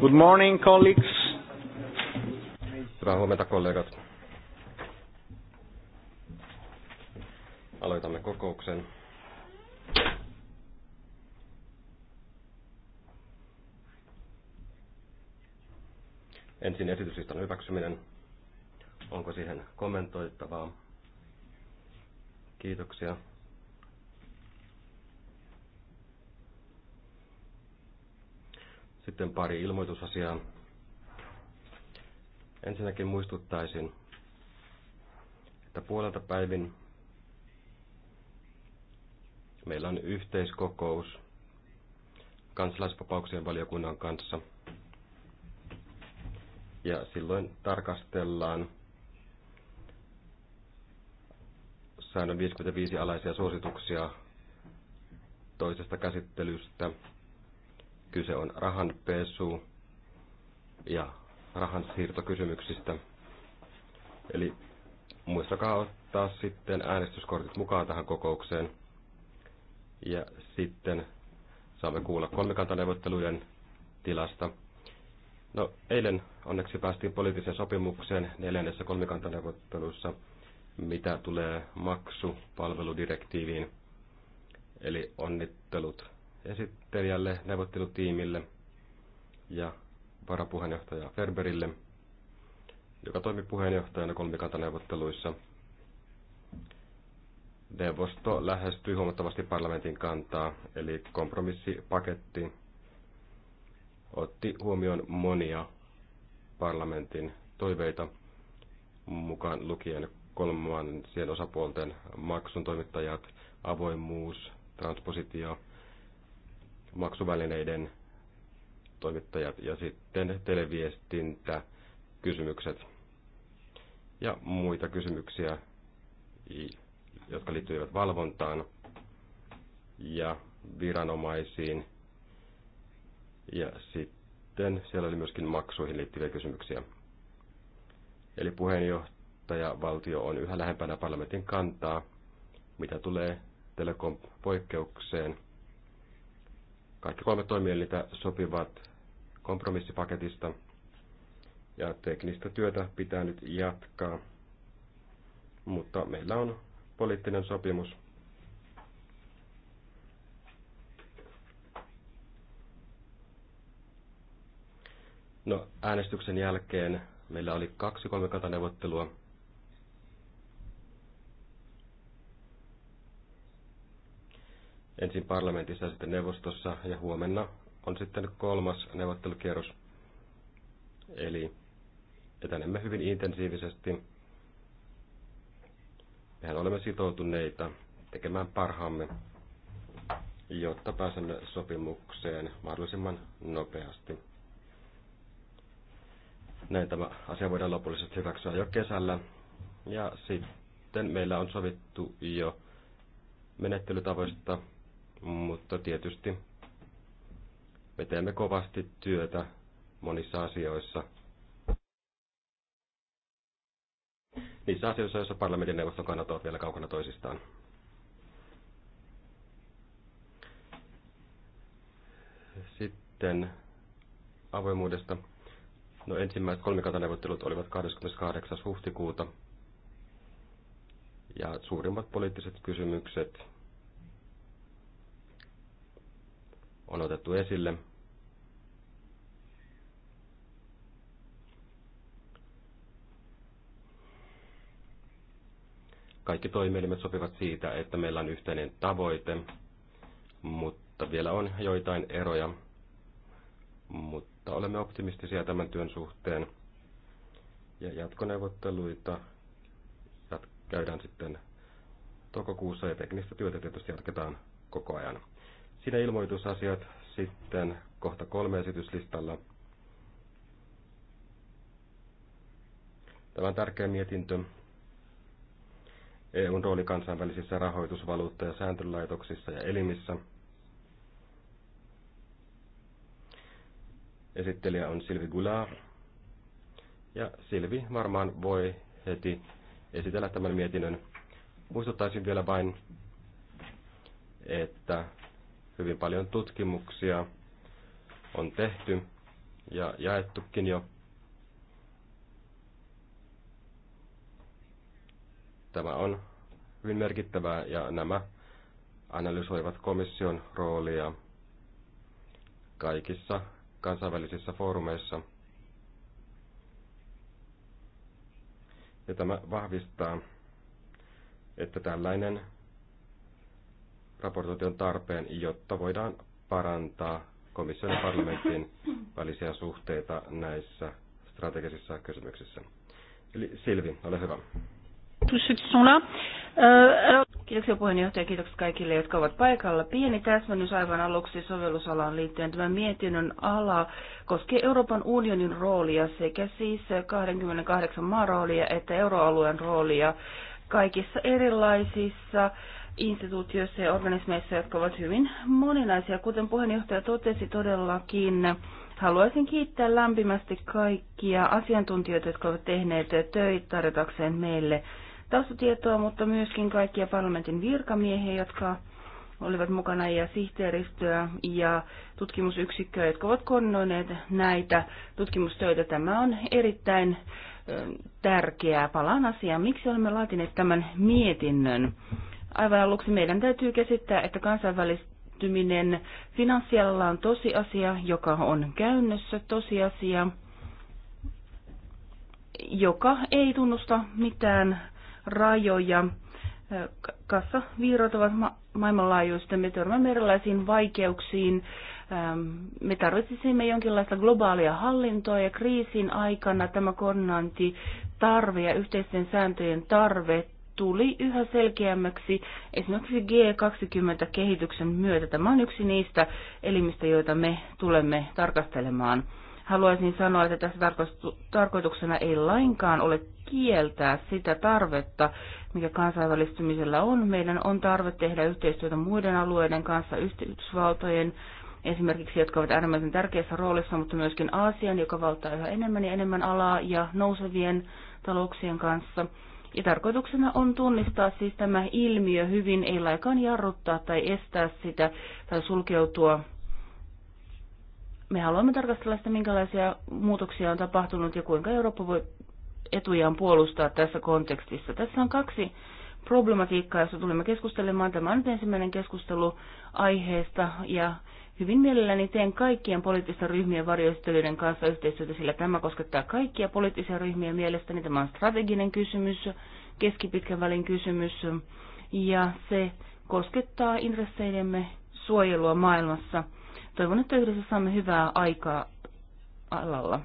Good morning, colleagues. Hyvää huomenta, kollegat. Aloitamme kokouksen. Ensin esityslistan hyväksyminen. Onko siihen kommentoittavaa? Kiitoksia. Sitten pari ilmoitusasiaa. Ensinnäkin muistuttaisin, että puolelta päivin meillä on yhteiskokous kansalaisvapauksien valiokunnan kanssa. Ja silloin tarkastellaan säännön 55 alaisia suosituksia toisesta käsittelystä Kyse on rahan pesu ja rahan siirtokysymyksistä. Eli muistakaa ottaa sitten äänestyskortit mukaan tähän kokoukseen. Ja sitten saamme kuulla kolmikantaneuvottelujen tilasta. No, eilen onneksi päästiin poliittiseen sopimukseen neljännessä kolmikantaneuvottelussa, mitä tulee maksupalveludirektiiviin. Eli onnittelut esittelijälle, neuvottelutiimille ja varapuheenjohtaja Ferberille, joka toimi puheenjohtajana kolmikantaneuvotteluissa. Neuvosto lähestyi huomattavasti parlamentin kantaa, eli kompromissipaketti otti huomioon monia parlamentin toiveita, mukaan lukien kolmannen osapuolten maksun toimittajat, avoimuus, transpositio, maksuvälineiden toimittajat ja sitten televiestintä, kysymykset ja muita kysymyksiä, jotka liittyivät valvontaan ja viranomaisiin. Ja sitten siellä oli myöskin maksuihin liittyviä kysymyksiä. Eli puheenjohtaja valtio on yhä lähempänä parlamentin kantaa, mitä tulee telekom-poikkeukseen – kaikki kolme toimielintä sopivat kompromissipaketista ja teknistä työtä pitää nyt jatkaa. Mutta meillä on poliittinen sopimus. No, äänestyksen jälkeen meillä oli kaksi kolmikataneuvottelua. ensin parlamentissa ja sitten neuvostossa ja huomenna on sitten kolmas neuvottelukierros. Eli etänemme hyvin intensiivisesti. Mehän olemme sitoutuneita tekemään parhaamme, jotta pääsemme sopimukseen mahdollisimman nopeasti. Näin tämä asia voidaan lopullisesti hyväksyä jo kesällä. Ja sitten meillä on sovittu jo menettelytavoista mutta tietysti me teemme kovasti työtä monissa asioissa. Niissä asioissa, joissa parlamentin neuvoston kannat ovat vielä kaukana toisistaan. Sitten avoimuudesta. No ensimmäiset kolmikantaneuvottelut olivat 28. huhtikuuta. Ja suurimmat poliittiset kysymykset on otettu esille. Kaikki toimielimet sopivat siitä, että meillä on yhteinen tavoite, mutta vielä on joitain eroja. Mutta olemme optimistisia tämän työn suhteen. Ja jatkoneuvotteluita käydään sitten toukokuussa ja teknistä työtä tietysti jatketaan koko ajan. Kaikki ne ilmoitusasiat sitten kohta kolme esityslistalla. Tämä on tärkeä mietintö. EUn rooli kansainvälisissä rahoitusvaluutta- ja sääntelylaitoksissa ja elimissä. Esittelijä on Silvi Goulart. Ja Silvi varmaan voi heti esitellä tämän mietinnön. Muistuttaisin vielä vain, että Hyvin paljon tutkimuksia on tehty ja jaettukin jo. Tämä on hyvin merkittävää ja nämä analysoivat komission roolia kaikissa kansainvälisissä foorumeissa. Ja tämä vahvistaa, että tällainen raportointi on tarpeen, jotta voidaan parantaa komission ja parlamentin välisiä suhteita näissä strategisissa kysymyksissä. Eli Silvi, ole hyvä. Euh, Kiitoksia puheenjohtaja, kiitokset kaikille, jotka ovat paikalla. Pieni täsmennys aivan aluksi sovellusalaan liittyen. Tämä mietinnön ala koskee Euroopan unionin roolia sekä siis 28 maan roolia että euroalueen roolia kaikissa erilaisissa instituutioissa ja organismeissa, jotka ovat hyvin moninaisia. Kuten puheenjohtaja totesi todellakin, haluaisin kiittää lämpimästi kaikkia asiantuntijoita, jotka ovat tehneet töitä tarjotakseen meille taustatietoa, mutta myöskin kaikkia parlamentin virkamiehiä, jotka olivat mukana ja sihteeristöä ja tutkimusyksikköä, jotka ovat koordinoineet näitä tutkimustöitä. Tämä on erittäin tärkeää. Palaan asiaan, miksi olemme laatineet tämän mietinnön. Aivan aluksi meidän täytyy käsittää, että kansainvälistyminen finanssialalla on tosiasia, joka on käynnössä tosiasia, joka ei tunnusta mitään rajoja. Kassavirrat ovat ma- maailmanlaajuista. Me törmäämme erilaisiin vaikeuksiin. Ähm, me tarvitsisimme jonkinlaista globaalia hallintoa ja kriisin aikana tämä koordinaanti tarve ja yhteisten sääntöjen tarve tuli yhä selkeämmäksi esimerkiksi G20-kehityksen myötä. Tämä on yksi niistä elimistä, joita me tulemme tarkastelemaan. Haluaisin sanoa, että tässä tarkoituksena ei lainkaan ole kieltää sitä tarvetta, mikä kansainvälistymisellä on. Meidän on tarve tehdä yhteistyötä muiden alueiden kanssa, Yhdysvaltojen esimerkiksi, jotka ovat äärimmäisen tärkeässä roolissa, mutta myöskin Aasian, joka valtaa yhä enemmän ja enemmän alaa, ja nousevien talouksien kanssa – ja tarkoituksena on tunnistaa siis tämä ilmiö hyvin, ei laikaan jarruttaa tai estää sitä tai sulkeutua. Me haluamme tarkastella sitä, minkälaisia muutoksia on tapahtunut ja kuinka Eurooppa voi etujaan puolustaa tässä kontekstissa. Tässä on kaksi problematiikkaa, josta tulemme keskustelemaan. Tämä on nyt ensimmäinen keskustelu aiheesta ja Hyvin mielelläni teen kaikkien poliittisten ryhmien varjoistelijoiden kanssa yhteistyötä, sillä tämä koskettaa kaikkia poliittisia ryhmiä mielestäni. Tämä on strateginen kysymys, keskipitkän välin kysymys ja se koskettaa intresseidemme suojelua maailmassa. Toivon, että yhdessä saamme hyvää aikaa alalla.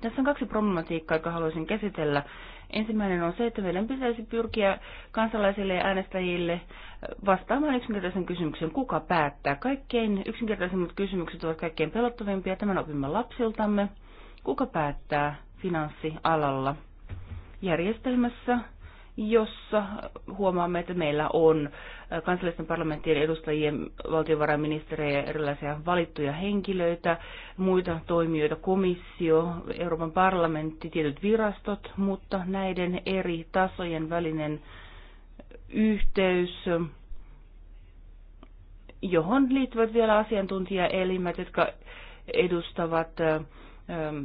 Tässä on kaksi problematiikkaa, jotka haluaisin käsitellä. Ensimmäinen on se, että meidän pitäisi pyrkiä kansalaisille ja äänestäjille vastaamaan yksinkertaisen kysymyksen, kuka päättää. Kaikkein yksinkertaisimmat kysymykset ovat kaikkein pelottavimpia, tämän opimme lapsiltamme. Kuka päättää finanssialalla? Järjestelmässä jossa huomaamme, että meillä on äh, kansallisten parlamenttien edustajien, ja erilaisia valittuja henkilöitä, muita toimijoita, komissio, Euroopan parlamentti, tietyt virastot, mutta näiden eri tasojen välinen yhteys, johon liittyvät vielä asiantuntijaelimet, jotka edustavat ähm,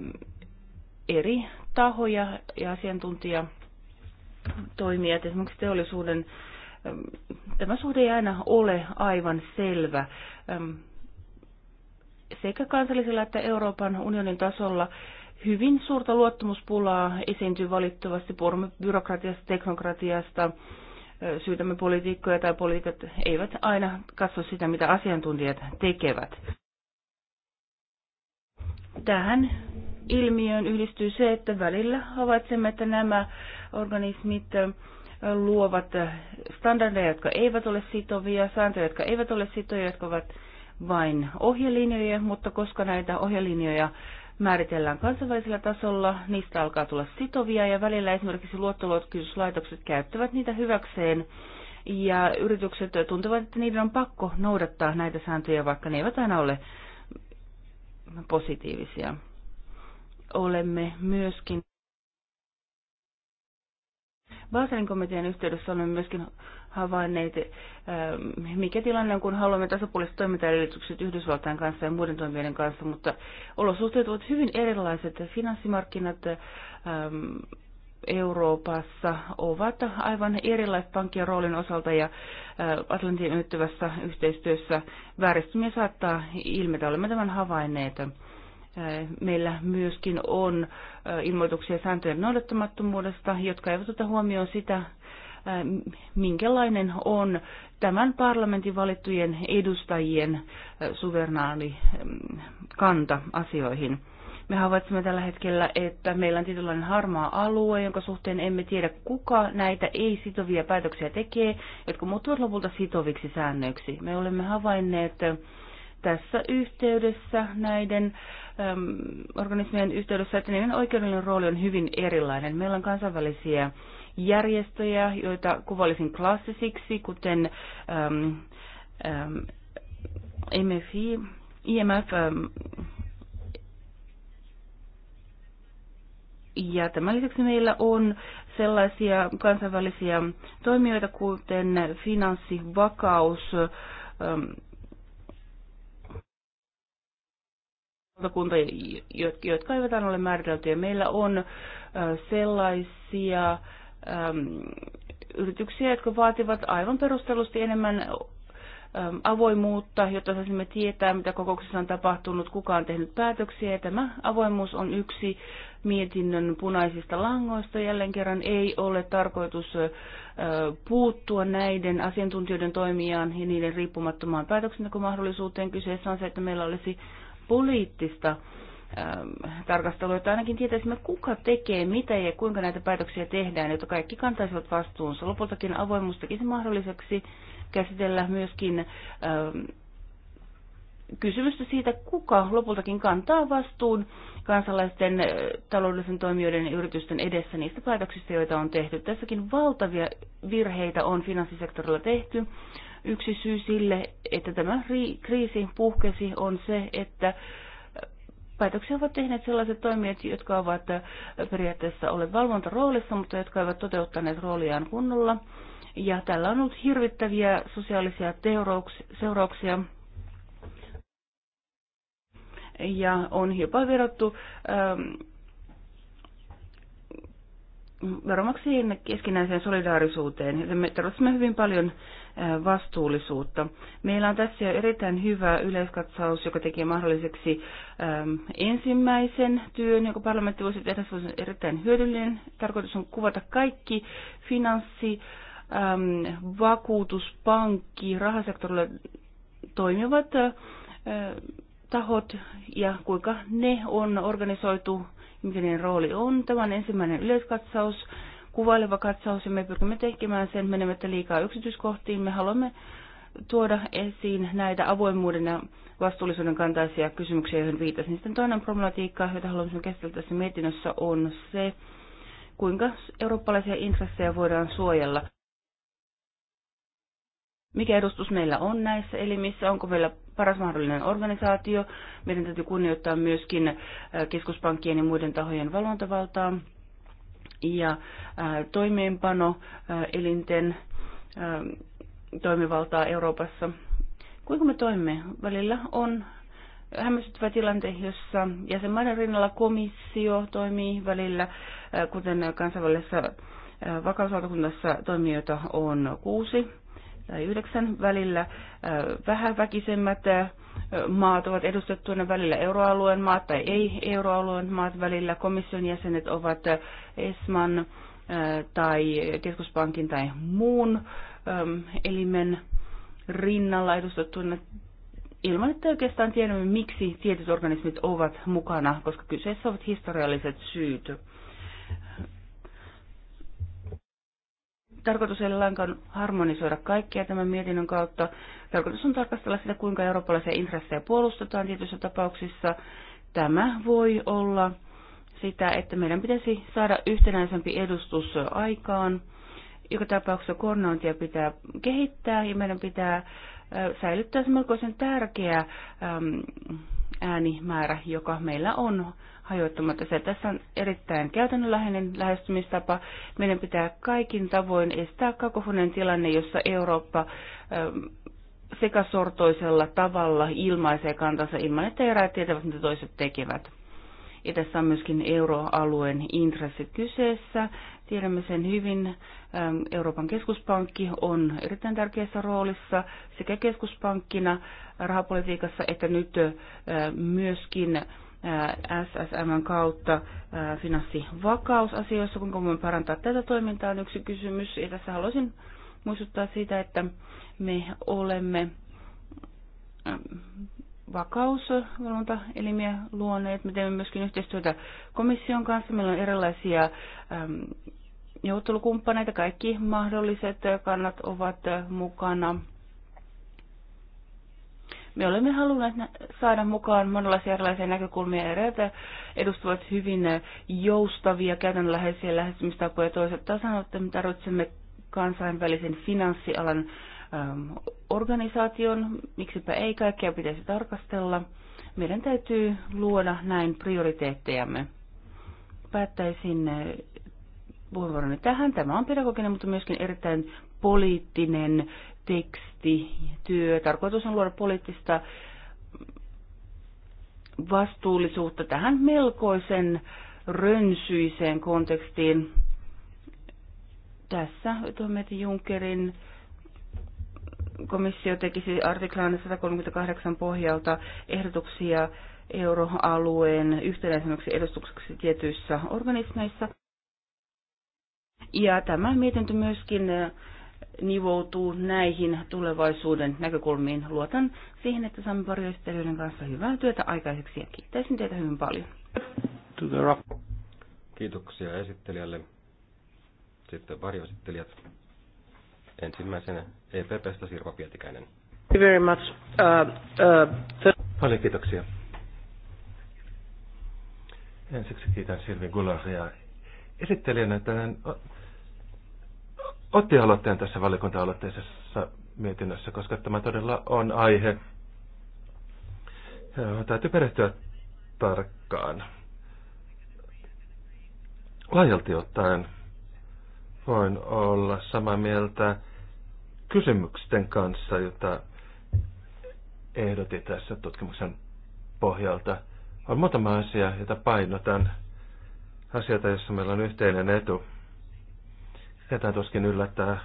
eri tahoja ja asiantuntijaelimet, toimijat, esimerkiksi teollisuuden, tämä suhde ei aina ole aivan selvä. Sekä kansallisella että Euroopan unionin tasolla hyvin suurta luottamuspulaa esiintyy valittavasti byrokratiasta, teknokratiasta, syytämme poliitikkoja tai poliitikot eivät aina katso sitä, mitä asiantuntijat tekevät. Tähän ilmiöön yhdistyy se, että välillä havaitsemme, että nämä organismit luovat standardeja, jotka eivät ole sitovia, sääntöjä, jotka eivät ole sitovia, jotka ovat vain ohjelinjoja, mutta koska näitä ohjelinjoja määritellään kansainvälisellä tasolla, niistä alkaa tulla sitovia ja välillä esimerkiksi luottoluokituslaitokset käyttävät niitä hyväkseen ja yritykset tuntevat, että niiden on pakko noudattaa näitä sääntöjä, vaikka ne eivät aina ole positiivisia. Olemme myöskin Baselin komitean yhteydessä olemme myöskin havainneet, eh, mikä tilanne on, kun haluamme tasapuoliset toimintaedellytykset Yhdysvaltain kanssa ja muiden toimijoiden kanssa, mutta olosuhteet ovat hyvin erilaiset. Finanssimarkkinat eh, eh, Euroopassa ovat aivan erilaiset pankkien roolin osalta ja Atlantin ylittyvässä yhteistyössä vääristymiä saattaa ilmetä. Olemme tämän havainneet. Eh, meillä myöskin on eh, ilmoituksia sääntöjen noudattamattomuudesta, jotka eivät ota huomioon sitä, eh, minkälainen on tämän parlamentin valittujen edustajien suvernaali mm, kanta asioihin. Me havaitsemme tällä hetkellä, että meillä on tietynlainen harmaa alue, jonka suhteen emme tiedä, kuka näitä ei-sitovia päätöksiä tekee, jotka muuttuvat lopulta sitoviksi säännöiksi. Me olemme havainneet tässä yhteydessä näiden äh, äm, organismien yhteydessä, että niiden oikeudellinen rooli on hyvin erilainen. Meillä on kansainvälisiä järjestöjä, joita kuvallisin klassisiksi, kuten äm, äm, MFI, IMF, äm, Ja tämän lisäksi meillä on sellaisia kansainvälisiä toimijoita, kuten finanssivakaus, äm, lautakunta, jotka eivät aina ole määriteltyjä. Meillä on sellaisia yrityksiä, jotka vaativat aivan perustellusti enemmän avoimuutta, jotta saisimme tietää, mitä kokouksessa on tapahtunut, kuka on tehnyt päätöksiä. tämä avoimuus on yksi mietinnön punaisista langoista. Jälleen kerran ei ole tarkoitus puuttua näiden asiantuntijoiden toimijaan ja niiden riippumattomaan päätöksentekomahdollisuuteen. Kyseessä on se, että meillä olisi poliittista ähm, tarkastelua, että ainakin tietäisimme, kuka tekee mitä ja kuinka näitä päätöksiä tehdään, jotta kaikki kantaisivat vastuunsa. Lopultakin avoimuus tekisi mahdolliseksi käsitellä myöskin ähm, kysymystä siitä, kuka lopultakin kantaa vastuun kansalaisten, äh, taloudellisen toimijoiden ja yritysten edessä niistä päätöksistä, joita on tehty. Tässäkin valtavia virheitä on finanssisektorilla tehty. Yksi syy sille, että tämä kriisi puhkesi, on se, että päätöksiä ovat tehneet sellaiset toimijat, jotka ovat äh, periaatteessa olleet valvontaroolissa, mutta jotka eivät toteuttaneet rooliaan kunnolla. Ja tällä on ollut hirvittäviä sosiaalisia seurauksia. Ja on jopa verrattu ähm, keskinäiseen solidaarisuuteen. Me tarvitsemme hyvin paljon vastuullisuutta. Meillä on tässä jo erittäin hyvä yleiskatsaus, joka tekee mahdolliseksi ensimmäisen työn, joka parlamentti voisi tehdä. Se on erittäin hyödyllinen. Tarkoitus on kuvata kaikki finanssi, vakuutus, pankki, rahasektorilla toimivat tahot ja kuinka ne on organisoitu, mikä niiden rooli on. Tämä on ensimmäinen yleiskatsaus kuvaileva katsaus ja me pyrkimme tekemään sen menemättä liikaa yksityiskohtiin. Me haluamme tuoda esiin näitä avoimuuden ja vastuullisuuden kantaisia kysymyksiä, joihin viitasin. Sitten toinen problematiikka, jota haluaisin käsitellä tässä mietinnössä, on se, kuinka eurooppalaisia intressejä voidaan suojella. Mikä edustus meillä on näissä elimissä? Onko meillä paras mahdollinen organisaatio? Meidän täytyy kunnioittaa myöskin äh, keskuspankkien ja muiden tahojen valvontavaltaa ja äh, toimeenpano äh, elinten äh, toimivaltaa Euroopassa. Kuinka me toimme Välillä on hämmästyttävä tilante, jossa jäsenmaiden rinnalla komissio toimii välillä, kuten kansainvälisessä vakauslautakunnassa toimijoita on kuusi tai yhdeksän välillä. vähän väkisemmät maat ovat edustettuina välillä euroalueen maat tai ei euroalueen maat välillä. Komission jäsenet ovat ESMAN äh, tai keskuspankin tai muun ähm, elimen rinnalla edustettuina ilman, että oikeastaan tiedämme, miksi tietyt organismit ovat mukana, koska kyseessä ovat historialliset syyt. tarkoitus ei ole lainkaan harmonisoida kaikkia tämän mietinnön kautta. Tarkoitus on tarkastella sitä, kuinka eurooppalaisia intressejä puolustetaan tietyissä tapauksissa. Tämä voi olla sitä, että meidän pitäisi saada yhtenäisempi edustus aikaan. Joka tapauksessa koordinointia pitää kehittää ja meidän pitää säilyttää se melkoisen tärkeä ähm, äänimäärä, joka meillä on hajoittamatta se. Tässä on erittäin käytännönläheinen lähestymistapa. Meidän pitää kaikin tavoin estää kakofonen tilanne, jossa Eurooppa ähm, sekasortoisella tavalla ilmaisee kantansa ilman, että eräät tietävät, mitä toiset tekevät. Ja tässä on myöskin euroalueen intressi kyseessä. Tiedämme sen hyvin. Ähm, Euroopan keskuspankki on erittäin tärkeässä roolissa sekä keskuspankkina rahapolitiikassa että nyt äh, myöskin äh, SSMn kautta äh, finanssivakausasioissa, kuinka voimme parantaa tätä toimintaa on yksi kysymys. Ja tässä haluaisin muistuttaa siitä, että me olemme ähm, vakausvalvontaelimiä luoneet. Me teemme myöskin yhteistyötä komission kanssa. Meillä on erilaisia ähm, neuvottelukumppaneita, kaikki mahdolliset kannat ovat mukana. Me olemme halunneet saada mukaan monenlaisia erilaisia näkökulmia. Eräät edustavat hyvin joustavia, käytännönläheisiä lähestymistapoja. Toiset taas sanovat, että me tarvitsemme kansainvälisen finanssialan äm, organisaation. Miksipä ei, kaikkea pitäisi tarkastella. Meidän täytyy luoda näin prioriteettejamme. Päättäisin äh, puheenvuoroni tähän. Tämä on pedagoginen, mutta myöskin erittäin poliittinen teksti, työ. Tarkoitus on luoda poliittista vastuullisuutta tähän melkoisen rönsyiseen kontekstiin. Tässä Tometti Junckerin komissio tekisi artiklaan 138 pohjalta ehdotuksia euroalueen yhtenäisemmäksi edustukseksi tietyissä organismeissa. Ja tämä mietintö myöskin nivoutuu näihin tulevaisuuden näkökulmiin. Luotan siihen, että saamme varjoistelijoiden kanssa hyvää työtä aikaiseksi ja kiittäisin teitä hyvin paljon. Kiitoksia esittelijälle. Sitten varjoesittelijät. Ensimmäisenä EPPstä Sirpa Pietikäinen. Thank you very much. Uh, uh, the... Paljon kiitoksia. Ensiksi kiitän Silvi Gularia esittelijänä tämän otti aloitteen tässä valiokunta-aloitteisessa mietinnössä, koska tämä todella on aihe. Täytyy perehtyä tarkkaan. Laajalti ottaen voin olla samaa mieltä kysymysten kanssa, jota ehdotin tässä tutkimuksen pohjalta. On muutama asia, jota painotan. Asioita, jossa meillä on yhteinen etu ketään tuskin yllättää,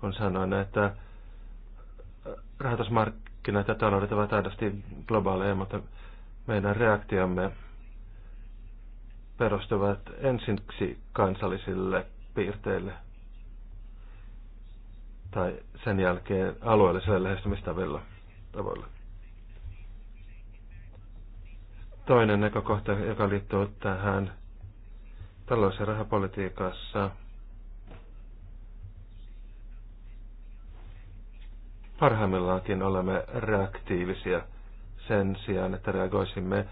kun sanoin, että rahoitusmarkkinat ja taloudet ovat aidosti globaaleja, mutta meidän reaktiomme perustuvat ensiksi kansallisille piirteille tai sen jälkeen alueelliselle lähestymistavilla tavoilla. Toinen näkökohta, joka liittyy tähän talous- ja rahapolitiikassa – Parhaimmillaankin olemme reaktiivisia sen sijaan, että reagoisimme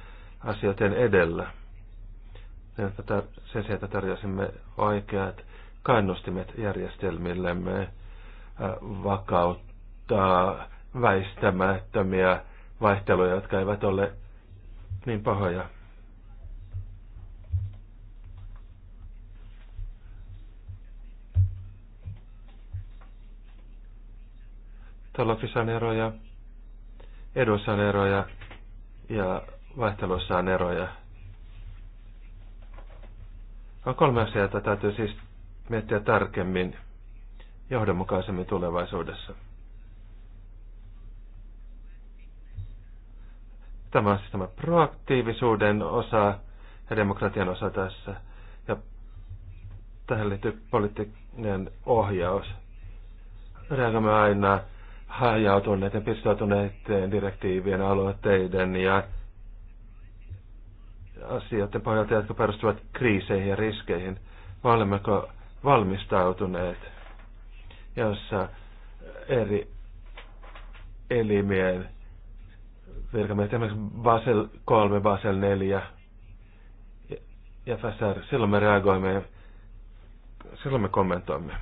asioiden edellä. Sen sijaan, että tarjoaisimme oikeat kannustimet järjestelmillemme äh, vakauttaa väistämättömiä vaihteluja, jotka eivät ole niin pahoja Talouksissa on eroja, eduissa on eroja ja vaihteluissa on eroja. On kolme asiaa, joita täytyy siis miettiä tarkemmin, johdonmukaisemmin tulevaisuudessa. Tämä on siis tämä proaktiivisuuden osa ja demokratian osa tässä. Ja tähän liittyy poliittinen ohjaus. Reagoimme aina hajautuneiden, pirstoutuneiden direktiivien aloitteiden ja asioiden pohjalta, jotka perustuvat kriiseihin ja riskeihin. Vai olemmeko valmistautuneet, jossa eri elimien virkamiehet, esimerkiksi Basel 3, Basel 4 ja FSR, silloin me reagoimme, silloin me kommentoimme.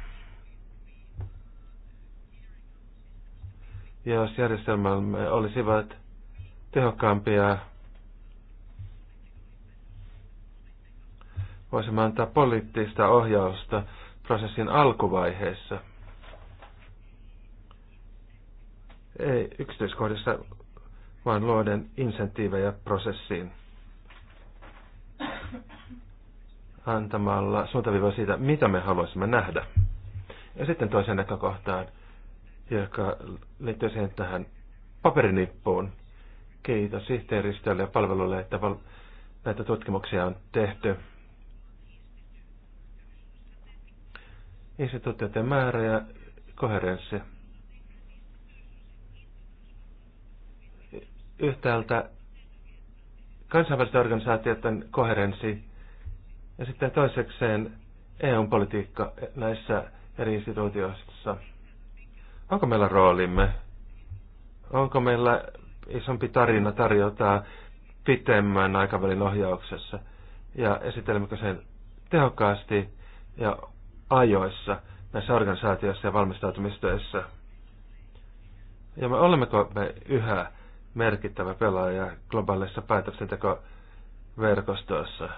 jos järjestelmämme olisivat tehokkaampia. Voisimme antaa poliittista ohjausta prosessin alkuvaiheessa. Ei yksityiskohdissa, vaan luoden insentiivejä prosessiin antamalla suuntaviivoja siitä, mitä me haluaisimme nähdä. Ja sitten toiseen näkökohtaan – joka liittyy siihen tähän paperinippuun. Kiitos sihteeristölle ja palvelulle, että val- näitä tutkimuksia on tehty. Instituutioiden määrä ja koherenssi. Yhtäältä kansainvälisten organisaatioiden koherenssi ja sitten toisekseen EU-politiikka näissä eri instituutioissa. Onko meillä roolimme? Onko meillä isompi tarina tarjota pitemmän aikavälin ohjauksessa? Ja esitelmmekö sen tehokkaasti ja ajoissa näissä organisaatioissa ja valmistautumistöissä? Ja me olemmeko me yhä merkittävä pelaaja globaalissa päätöksentekoverkostoissa?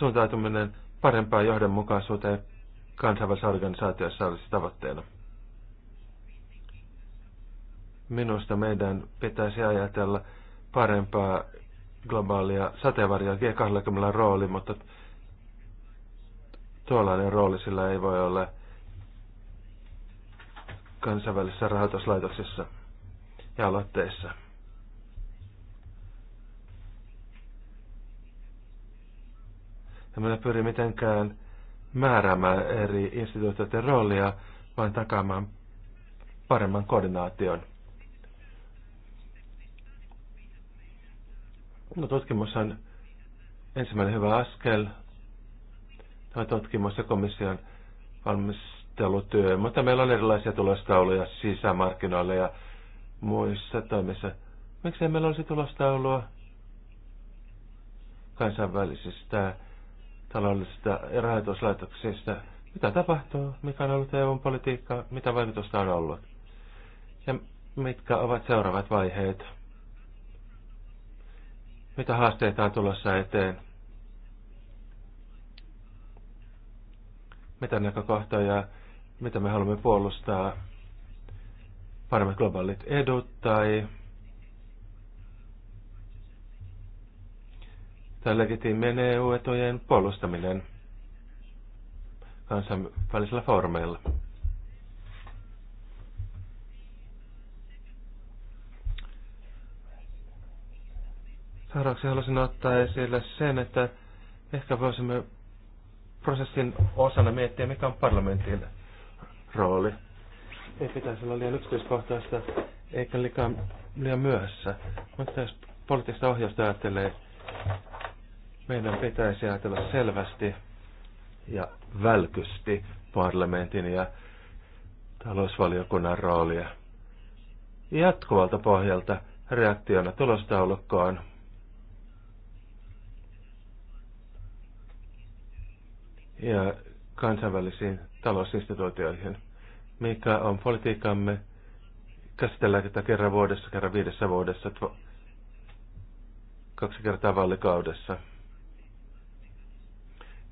Suuntautuminen parempaan johdonmukaisuuteen kansainvälisessä organisaatiossa olisi tavoitteena. Minusta meidän pitäisi ajatella parempaa globaalia sateenvarjoa G20 rooli, mutta tuollainen rooli sillä ei voi olla kansainvälisissä rahoituslaitoksissa ja aloitteissa. Ja minä pyrin mitenkään määräämään eri instituutioiden roolia, vaan takaamaan paremman koordinaation. No, tutkimus on ensimmäinen hyvä askel. Tämä tutkimus ja komission valmistelutyö, mutta meillä on erilaisia tulostauluja sisämarkkinoille ja muissa toimissa. Miksei meillä olisi tulostaulua kansainvälisistä taloudellisista ja rahoituslaitoksista. Mitä tapahtuu? Mikä on ollut EUn politiikka? Mitä vaikutusta on ollut? Ja mitkä ovat seuraavat vaiheet? Mitä haasteita on tulossa eteen? Mitä näkökohtia, mitä me haluamme puolustaa? Paremmat globaalit edut tai tai legitiimien eu etojen puolustaminen kansainvälisillä foorumeilla. Seuraavaksi haluaisin ottaa esille sen, että ehkä voisimme prosessin osana miettiä, mikä on parlamentin rooli. Ei pitäisi olla liian yksityiskohtaista, eikä liian myöhässä. Mutta jos poliittista ohjausta ajattelee, meidän pitäisi ajatella selvästi ja välkysti parlamentin ja talousvaliokunnan roolia. Jatkuvalta pohjalta reaktiona tulostaulukkoon ja kansainvälisiin talousinstituutioihin. Mikä on politiikamme? Käsitellään tätä kerran vuodessa, kerran viidessä vuodessa, kaksi kertaa vaalikaudessa.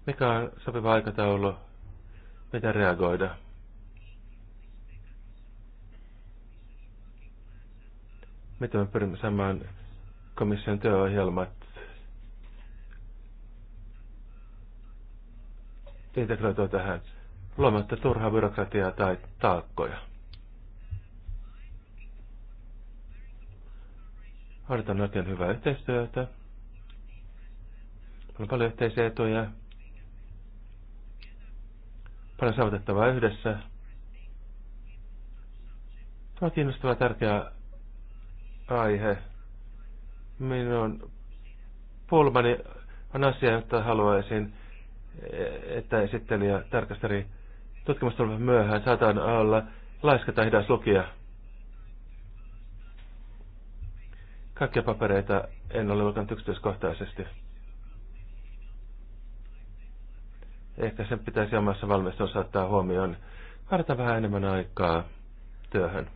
Mikä on sopiva aikataulu? Mitä reagoida? Mitä me pyrimme saamaan komission työohjelmat integroitua tähän luomatta turhaa byrokratiaa tai taakkoja. Odotan oikein hyvää yhteistyötä. On paljon yhteisiä etuja paljon saavutettavaa yhdessä. Tämä on kiinnostava tärkeä aihe. Minun pulmani on asia, jota haluaisin, että ja tarkasteli tutkimustulman myöhään saataan olla laiska tai hidas lukija. Kaikkia papereita en ole lukenut yksityiskohtaisesti. Ehkä sen pitäisi omassa valmistelussa ottaa huomioon. Varata vähän enemmän aikaa työhön.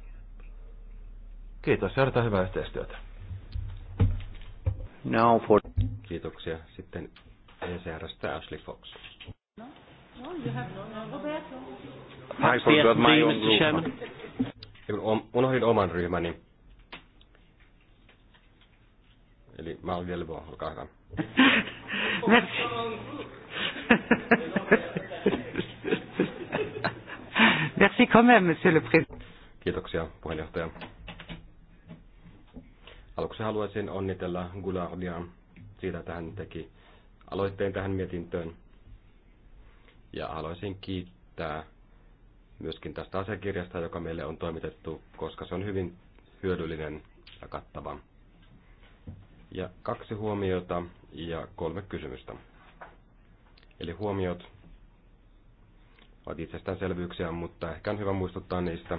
Kiitos, jatketaan hyvää yhteistyötä. Now for... Kiitoksia. Sitten ECRstä Ashley Fox. No, no you no, no, my own Unohdin oman ryhmäni. Eli mä olen vuonna, olkaa hyvä. Merci quand même, monsieur le président. Kiitoksia, puheenjohtaja. Aluksi haluaisin onnitella Goulardia siitä, että hän teki aloitteen tähän mietintöön. Ja haluaisin kiittää myöskin tästä asiakirjasta, joka meille on toimitettu, koska se on hyvin hyödyllinen ja kattava. Ja kaksi huomiota ja kolme kysymystä. Eli huomiot ovat itsestäänselvyyksiä, mutta ehkä on hyvä muistuttaa niistä,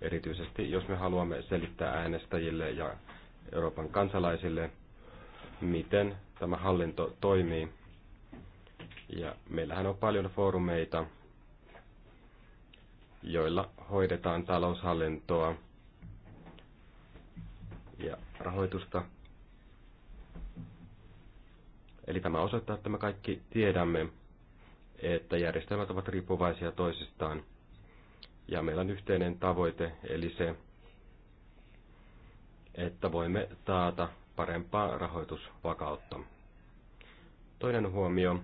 erityisesti jos me haluamme selittää äänestäjille ja Euroopan kansalaisille, miten tämä hallinto toimii. Ja meillähän on paljon foorumeita, joilla hoidetaan taloushallintoa ja rahoitusta Eli tämä osoittaa, että me kaikki tiedämme, että järjestelmät ovat riippuvaisia toisistaan. Ja meillä on yhteinen tavoite, eli se, että voimme taata parempaa rahoitusvakautta. Toinen huomio.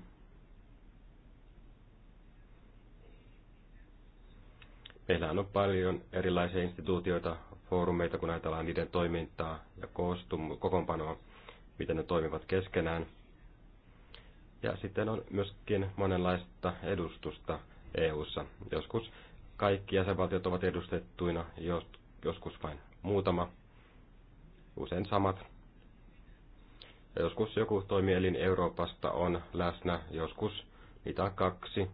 Meillä on paljon erilaisia instituutioita, foorumeita, kun ajatellaan niiden toimintaa ja koostum- kokoonpanoa, miten ne toimivat keskenään – ja sitten on myöskin monenlaista edustusta EU:ssa. Joskus kaikki jäsenvaltiot ovat edustettuina, joskus vain muutama, usein samat. Ja joskus joku toimielin Euroopasta on läsnä, joskus niitä on kaksi.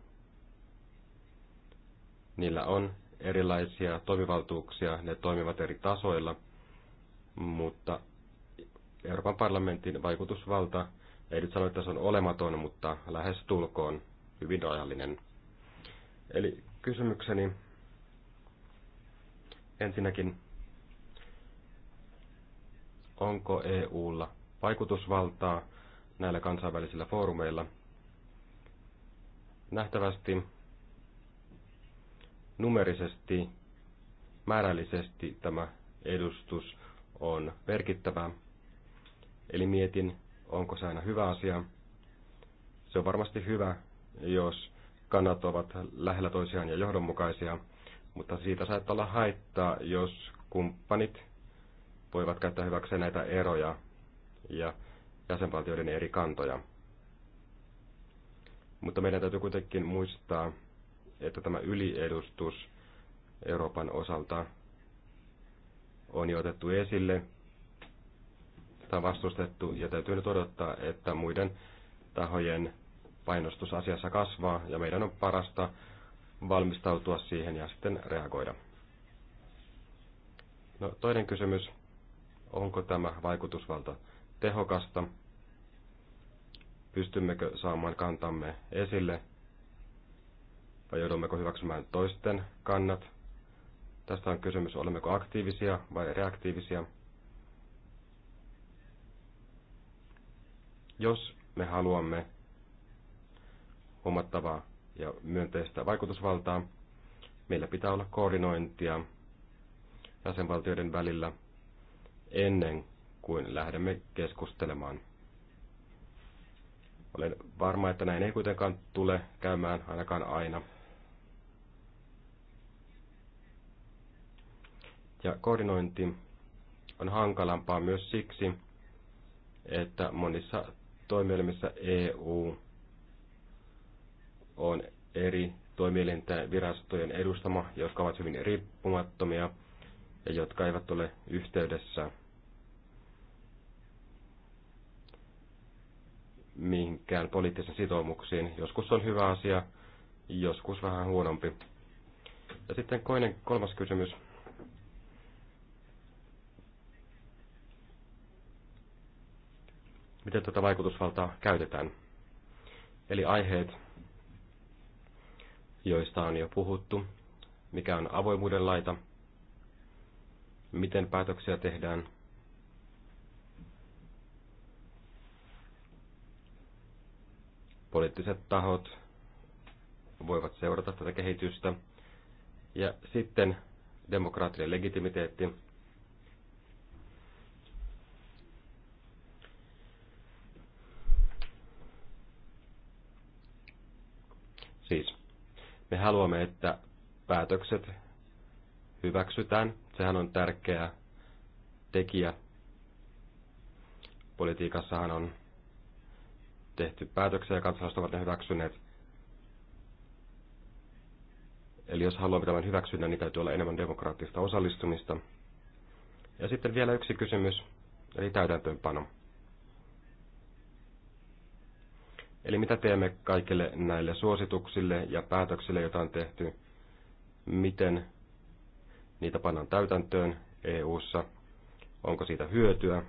Niillä on erilaisia toimivaltuuksia, ne toimivat eri tasoilla, mutta Euroopan parlamentin vaikutusvalta ei nyt sano, että se on olematon, mutta lähes tulkoon hyvin rajallinen. Eli kysymykseni ensinnäkin, onko EUlla vaikutusvaltaa näillä kansainvälisillä foorumeilla? Nähtävästi numerisesti, määrällisesti tämä edustus on merkittävä. Eli mietin, onko se aina hyvä asia. Se on varmasti hyvä, jos kannat ovat lähellä toisiaan ja johdonmukaisia, mutta siitä saattaa olla haittaa, jos kumppanit voivat käyttää hyväkseen näitä eroja ja jäsenvaltioiden eri kantoja. Mutta meidän täytyy kuitenkin muistaa, että tämä yliedustus Euroopan osalta on jo otettu esille Tätä vastustettu ja täytyy nyt odottaa, että muiden tahojen painostus asiassa kasvaa ja meidän on parasta valmistautua siihen ja sitten reagoida. No, toinen kysymys. Onko tämä vaikutusvalta tehokasta? Pystymmekö saamaan kantamme esille? Vai joudummeko hyväksymään toisten kannat? Tästä on kysymys, olemmeko aktiivisia vai reaktiivisia? Jos me haluamme huomattavaa ja myönteistä vaikutusvaltaa, meillä pitää olla koordinointia jäsenvaltioiden välillä ennen kuin lähdemme keskustelemaan. Olen varma, että näin ei kuitenkaan tule käymään ainakaan aina. Ja koordinointi on hankalampaa myös siksi, että monissa toimielimissä EU on eri toimielinten virastojen edustama, jotka ovat hyvin riippumattomia ja jotka eivät ole yhteydessä mihinkään poliittisiin sitoumuksiin. Joskus on hyvä asia, joskus vähän huonompi. Ja sitten kolmas kysymys. miten tätä vaikutusvaltaa käytetään. Eli aiheet, joista on jo puhuttu, mikä on avoimuuden laita, miten päätöksiä tehdään, poliittiset tahot voivat seurata tätä kehitystä, ja sitten demokraattinen legitimiteetti, Me haluamme, että päätökset hyväksytään. Sehän on tärkeä tekijä. Politiikassahan on tehty päätöksiä ja kansalaiset ovat ne hyväksyneet. Eli jos haluamme tämän hyväksynnän, niin täytyy olla enemmän demokraattista osallistumista. Ja sitten vielä yksi kysymys, eli täytäntöönpano. Eli mitä teemme kaikille näille suosituksille ja päätöksille, joita on tehty, miten niitä pannaan täytäntöön EU:ssa, onko siitä hyötyä,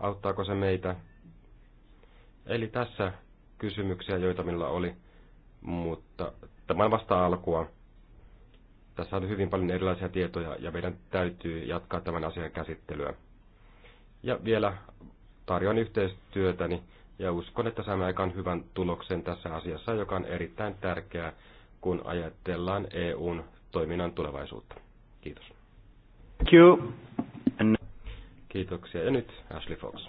auttaako se meitä. Eli tässä kysymyksiä, joita minulla oli, mutta tämä on vasta alkua. Tässä on hyvin paljon erilaisia tietoja ja meidän täytyy jatkaa tämän asian käsittelyä. Ja vielä tarjoan yhteistyötäni ja uskon, että saamme aikaan hyvän tuloksen tässä asiassa, joka on erittäin tärkeää, kun ajatellaan EUn toiminnan tulevaisuutta. Kiitos. Thank you. Kiitoksia. Ja nyt Ashley Fox.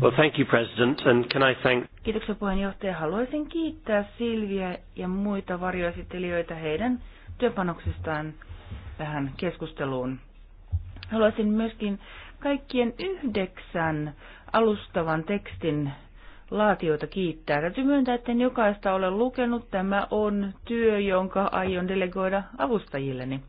Well, thank you, President, and can I thank... Kiitoksia puheenjohtaja. Haluaisin kiittää Silviä ja muita varjoesittelijöitä heidän työpanoksistaan tähän keskusteluun. Haluaisin myöskin kaikkien yhdeksän alustavan tekstin laatioita kiittää. Täytyy myöntää, että en jokaista ole lukenut. Tämä on työ, jonka aion delegoida avustajilleni.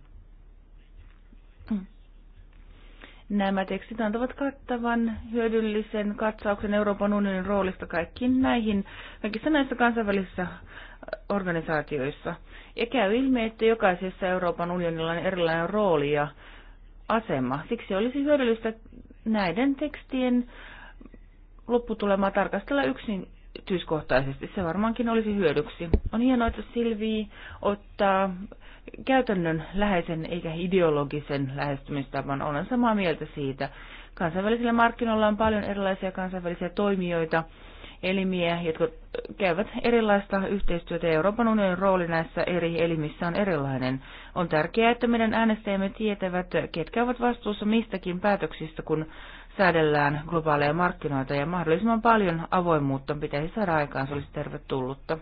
Nämä tekstit antavat kattavan, hyödyllisen katsauksen Euroopan unionin roolista kaikkiin näihin, kaikissa näissä kansainvälisissä äh, organisaatioissa. Ja käy ilmi, että jokaisessa Euroopan unionilla on erilainen rooli ja asema. Siksi olisi hyödyllistä näiden tekstien lopputulemaa tarkastella yksin tyyskohtaisesti Se varmaankin olisi hyödyksi. On hienoa, että Silvi ottaa käytännön läheisen eikä ideologisen lähestymistavan. Olen samaa mieltä siitä. Kansainvälisillä markkinoilla on paljon erilaisia kansainvälisiä toimijoita, elimiä, jotka käyvät erilaista yhteistyötä. Euroopan unionin rooli näissä eri elimissä on erilainen. On tärkeää, että meidän äänestäjämme tietävät, ketkä ovat vastuussa mistäkin päätöksistä, kun säädellään globaaleja markkinoita ja mahdollisimman paljon avoimuutta pitäisi saada aikaan, se olisi tervetullutta.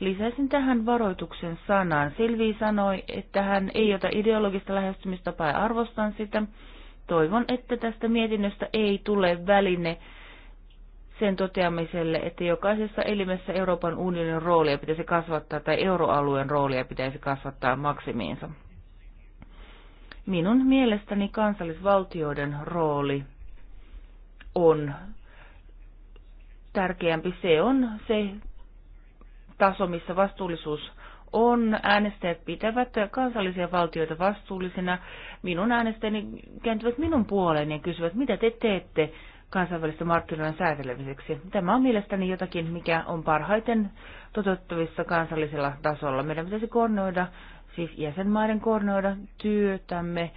Lisäisin tähän varoituksen sanaan Silvi sanoi, että hän ei ota ideologista lähestymistapaa ja arvostan sitä. Toivon, että tästä mietinnöstä ei tule väline sen toteamiselle, että jokaisessa elimessä Euroopan unionin roolia pitäisi kasvattaa tai euroalueen roolia pitäisi kasvattaa maksimiinsa. Minun mielestäni kansallisvaltioiden rooli on tärkeämpi. Se on se taso, missä vastuullisuus on. Äänestäjät pitävät kansallisia valtioita vastuullisina. Minun äänestäjäni kääntyvät minun puoleeni ja kysyvät, mitä te teette kansainvälistä markkinoiden säätelemiseksi. Tämä on mielestäni jotakin, mikä on parhaiten toteuttavissa kansallisella tasolla. Meidän pitäisi koordinoida, siis jäsenmaiden koordinoida työtämme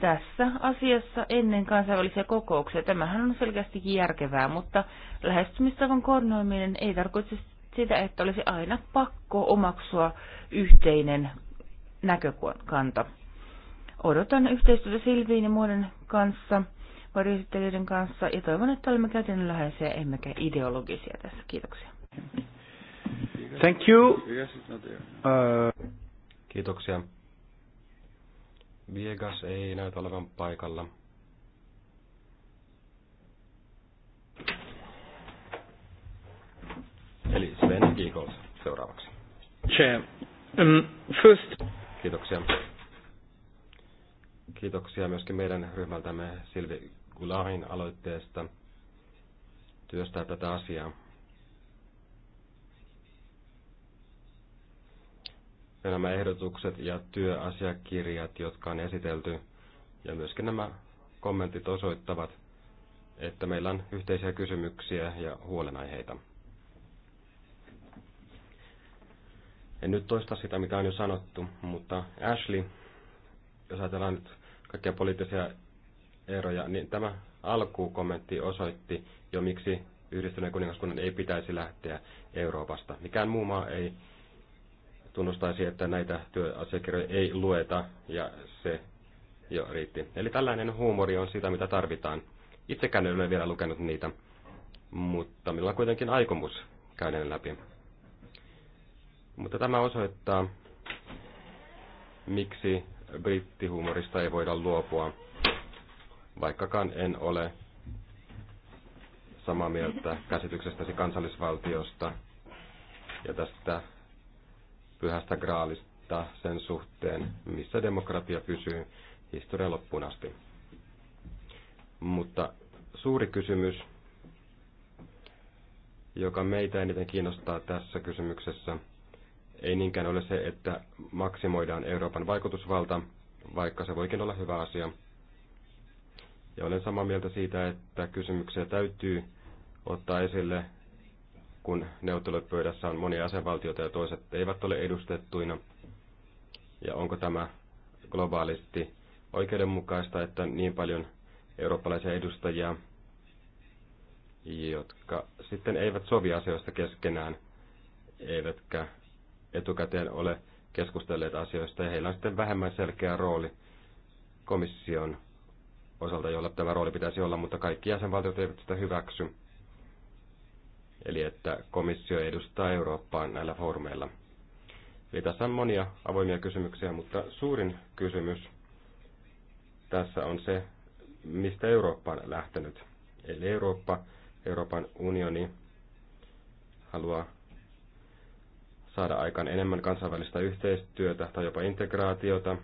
tässä asiassa ennen kansainvälisiä kokouksia. Tämähän on selkeästi järkevää, mutta lähestymistavan koordinoiminen ei tarkoita sitä, että olisi aina pakko omaksua yhteinen näkökanta. Odotan yhteistyötä Silviin ja muiden kanssa, varjoesittelijöiden kanssa, ja toivon, että olemme käytännönläheisiä emmekä ideologisia tässä. Kiitoksia. Thank you. Uh... Kiitoksia. Viegas ei näytä olevan paikalla. Eli Sven Giegels seuraavaksi. Chair. Um, first... Kiitoksia. Kiitoksia myöskin meidän ryhmältämme Silvi Gulahin aloitteesta työstää tätä asiaa. Ja nämä ehdotukset ja työasiakirjat, jotka on esitelty, ja myöskin nämä kommentit osoittavat, että meillä on yhteisiä kysymyksiä ja huolenaiheita. En nyt toista sitä, mitä on jo sanottu, mutta Ashley, jos ajatellaan nyt kaikkia poliittisia eroja, niin tämä alkukommentti osoitti jo, miksi yhdistyneen kuningaskunnan ei pitäisi lähteä Euroopasta. Mikään muu maa ei tunnustaisi, että näitä työasiakirjoja ei lueta, ja se jo riitti. Eli tällainen huumori on sitä, mitä tarvitaan. Itsekään en ole vielä lukenut niitä, mutta minulla on kuitenkin aikomus käydä läpi. Mutta tämä osoittaa, miksi brittihuumorista ei voida luopua, vaikkakaan en ole samaa mieltä käsityksestäsi kansallisvaltiosta ja tästä pyhästä graalista sen suhteen, missä demokratia pysyy historian loppuun asti. Mutta suuri kysymys, joka meitä eniten kiinnostaa tässä kysymyksessä, ei niinkään ole se, että maksimoidaan Euroopan vaikutusvalta, vaikka se voikin olla hyvä asia. Ja olen samaa mieltä siitä, että kysymyksiä täytyy ottaa esille kun neuvottelupöydässä on monia jäsenvaltioita ja toiset eivät ole edustettuina. Ja onko tämä globaalisti oikeudenmukaista, että niin paljon eurooppalaisia edustajia, jotka sitten eivät sovi asioista keskenään, eivätkä etukäteen ole keskustelleet asioista, ja heillä on sitten vähemmän selkeä rooli komission osalta, jolla tämä rooli pitäisi olla, mutta kaikki jäsenvaltiot eivät sitä hyväksy eli että komissio edustaa Eurooppaa näillä foorumeilla. Eli tässä on monia avoimia kysymyksiä, mutta suurin kysymys tässä on se, mistä Eurooppa on lähtenyt. Eli Eurooppa, Euroopan unioni haluaa saada aikaan enemmän kansainvälistä yhteistyötä tai jopa integraatiota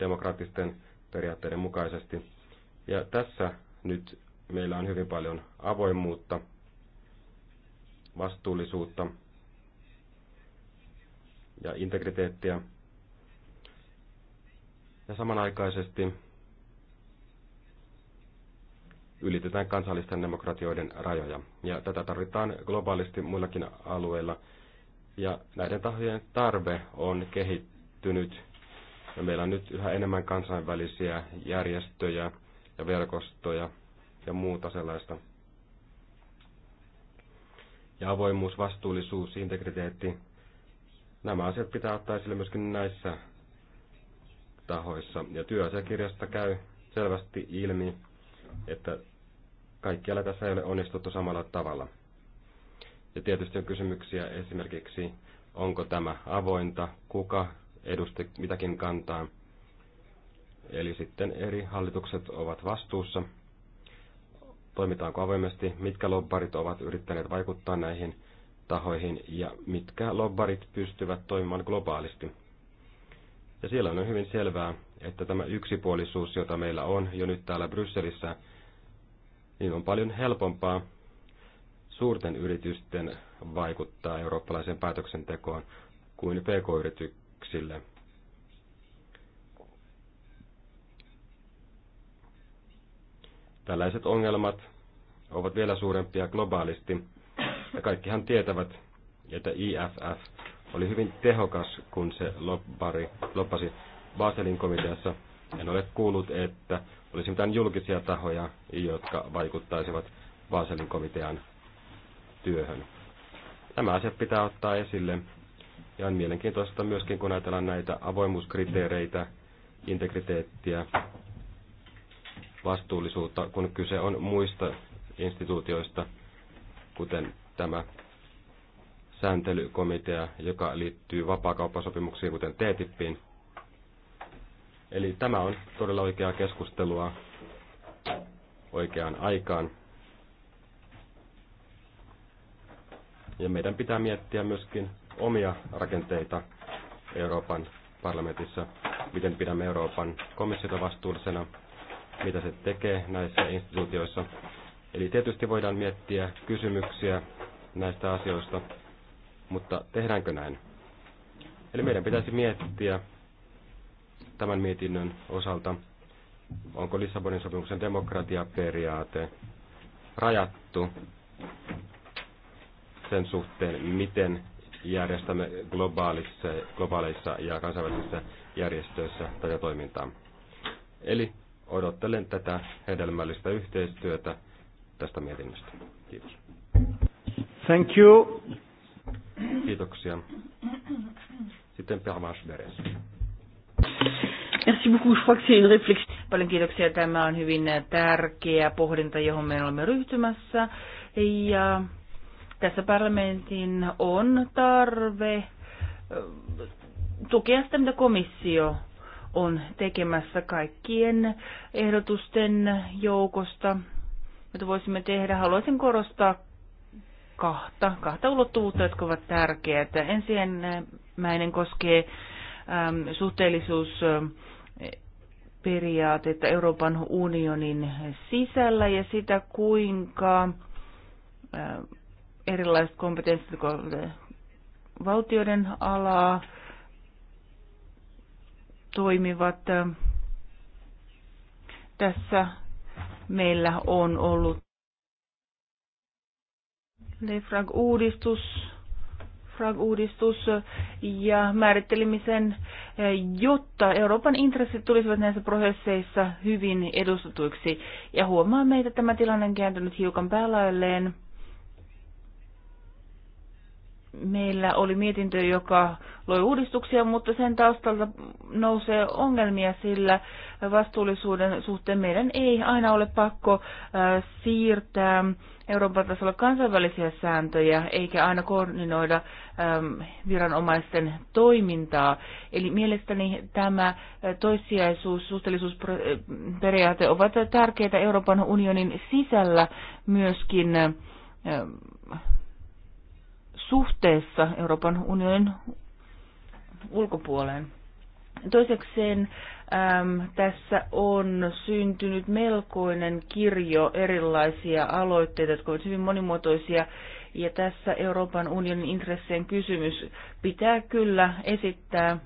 demokraattisten periaatteiden mukaisesti. Ja tässä nyt meillä on hyvin paljon avoimuutta vastuullisuutta ja integriteettiä. Ja samanaikaisesti ylitetään kansallisten demokratioiden rajoja. Ja tätä tarvitaan globaalisti muillakin alueilla. Ja näiden tahojen tarve on kehittynyt. Ja meillä on nyt yhä enemmän kansainvälisiä järjestöjä ja verkostoja ja muuta sellaista ja avoimuus, vastuullisuus, integriteetti. Nämä asiat pitää ottaa esille myöskin näissä tahoissa. Ja työasiakirjasta käy selvästi ilmi, että kaikkialla tässä ei ole onnistuttu samalla tavalla. Ja tietysti on kysymyksiä esimerkiksi, onko tämä avointa, kuka edusti mitäkin kantaa. Eli sitten eri hallitukset ovat vastuussa – toimitaanko avoimesti, mitkä lobbarit ovat yrittäneet vaikuttaa näihin tahoihin ja mitkä lobbarit pystyvät toimimaan globaalisti. Ja siellä on hyvin selvää, että tämä yksipuolisuus, jota meillä on jo nyt täällä Brysselissä, niin on paljon helpompaa suurten yritysten vaikuttaa eurooppalaiseen päätöksentekoon kuin pk-yrityksille Tällaiset ongelmat ovat vielä suurempia globaalisti, ja kaikkihan tietävät, että IFF oli hyvin tehokas, kun se lobbari, lobbasi Baselin komiteassa. En ole kuullut, että olisi mitään julkisia tahoja, jotka vaikuttaisivat Baselin komitean työhön. Nämä asiat pitää ottaa esille. Ja on mielenkiintoista myöskin, kun ajatellaan näitä avoimuuskriteereitä, integriteettiä vastuullisuutta, kun kyse on muista instituutioista, kuten tämä sääntelykomitea, joka liittyy vapaakauppasopimuksiin, kuten TTIPiin. Eli tämä on todella oikeaa keskustelua oikeaan aikaan. Ja meidän pitää miettiä myöskin omia rakenteita Euroopan parlamentissa, miten pidämme Euroopan komissiota vastuullisena mitä se tekee näissä instituutioissa. Eli tietysti voidaan miettiä kysymyksiä näistä asioista, mutta tehdäänkö näin? Eli meidän pitäisi miettiä tämän mietinnön osalta, onko Lissabonin sopimuksen demokratiaperiaate rajattu sen suhteen, miten järjestämme globaalissa, globaaleissa ja kansainvälisissä järjestöissä tätä toimintaa. Eli odottelen tätä hedelmällistä yhteistyötä tästä mietinnöstä. Kiitos. Thank you. Kiitoksia. Sitten Permash Beres. Merci beaucoup. Je crois que c'est une réflexion. Paljon kiitoksia. Tämä on hyvin tärkeä pohdinta, johon me olemme ryhtymässä. Ja tässä parlamentin on tarve tukea sitä, mitä komissio on tekemässä kaikkien ehdotusten joukosta, mitä voisimme tehdä. Haluaisin korostaa kahta, kahta ulottuvuutta, jotka ovat tärkeitä. Ensimmäinen koskee äm, suhteellisuus periaatetta Euroopan unionin sisällä ja sitä, kuinka äh, erilaiset kompetenssit valtioiden alaa toimivat. Tässä meillä on ollut Lefrag-uudistus, uudistus ja määrittelimisen, jotta Euroopan intressit tulisivat näissä prosesseissa hyvin edustetuiksi. Ja huomaamme, että tämä tilanne on kääntynyt hiukan päälailleen meillä oli mietintö, joka loi uudistuksia, mutta sen taustalta nousee ongelmia, sillä vastuullisuuden suhteen meidän ei aina ole pakko äh, siirtää Euroopan tasolla kansainvälisiä sääntöjä, eikä aina koordinoida ähm, viranomaisten toimintaa. Eli mielestäni tämä äh, toissijaisuus, suhteellisuusperiaate ovat tärkeitä Euroopan unionin sisällä myöskin äh, suhteessa Euroopan unionin ulkopuoleen. Toisekseen äm, tässä on syntynyt melkoinen kirjo erilaisia aloitteita, jotka ovat hyvin monimuotoisia, ja tässä Euroopan unionin intressien kysymys pitää kyllä esittää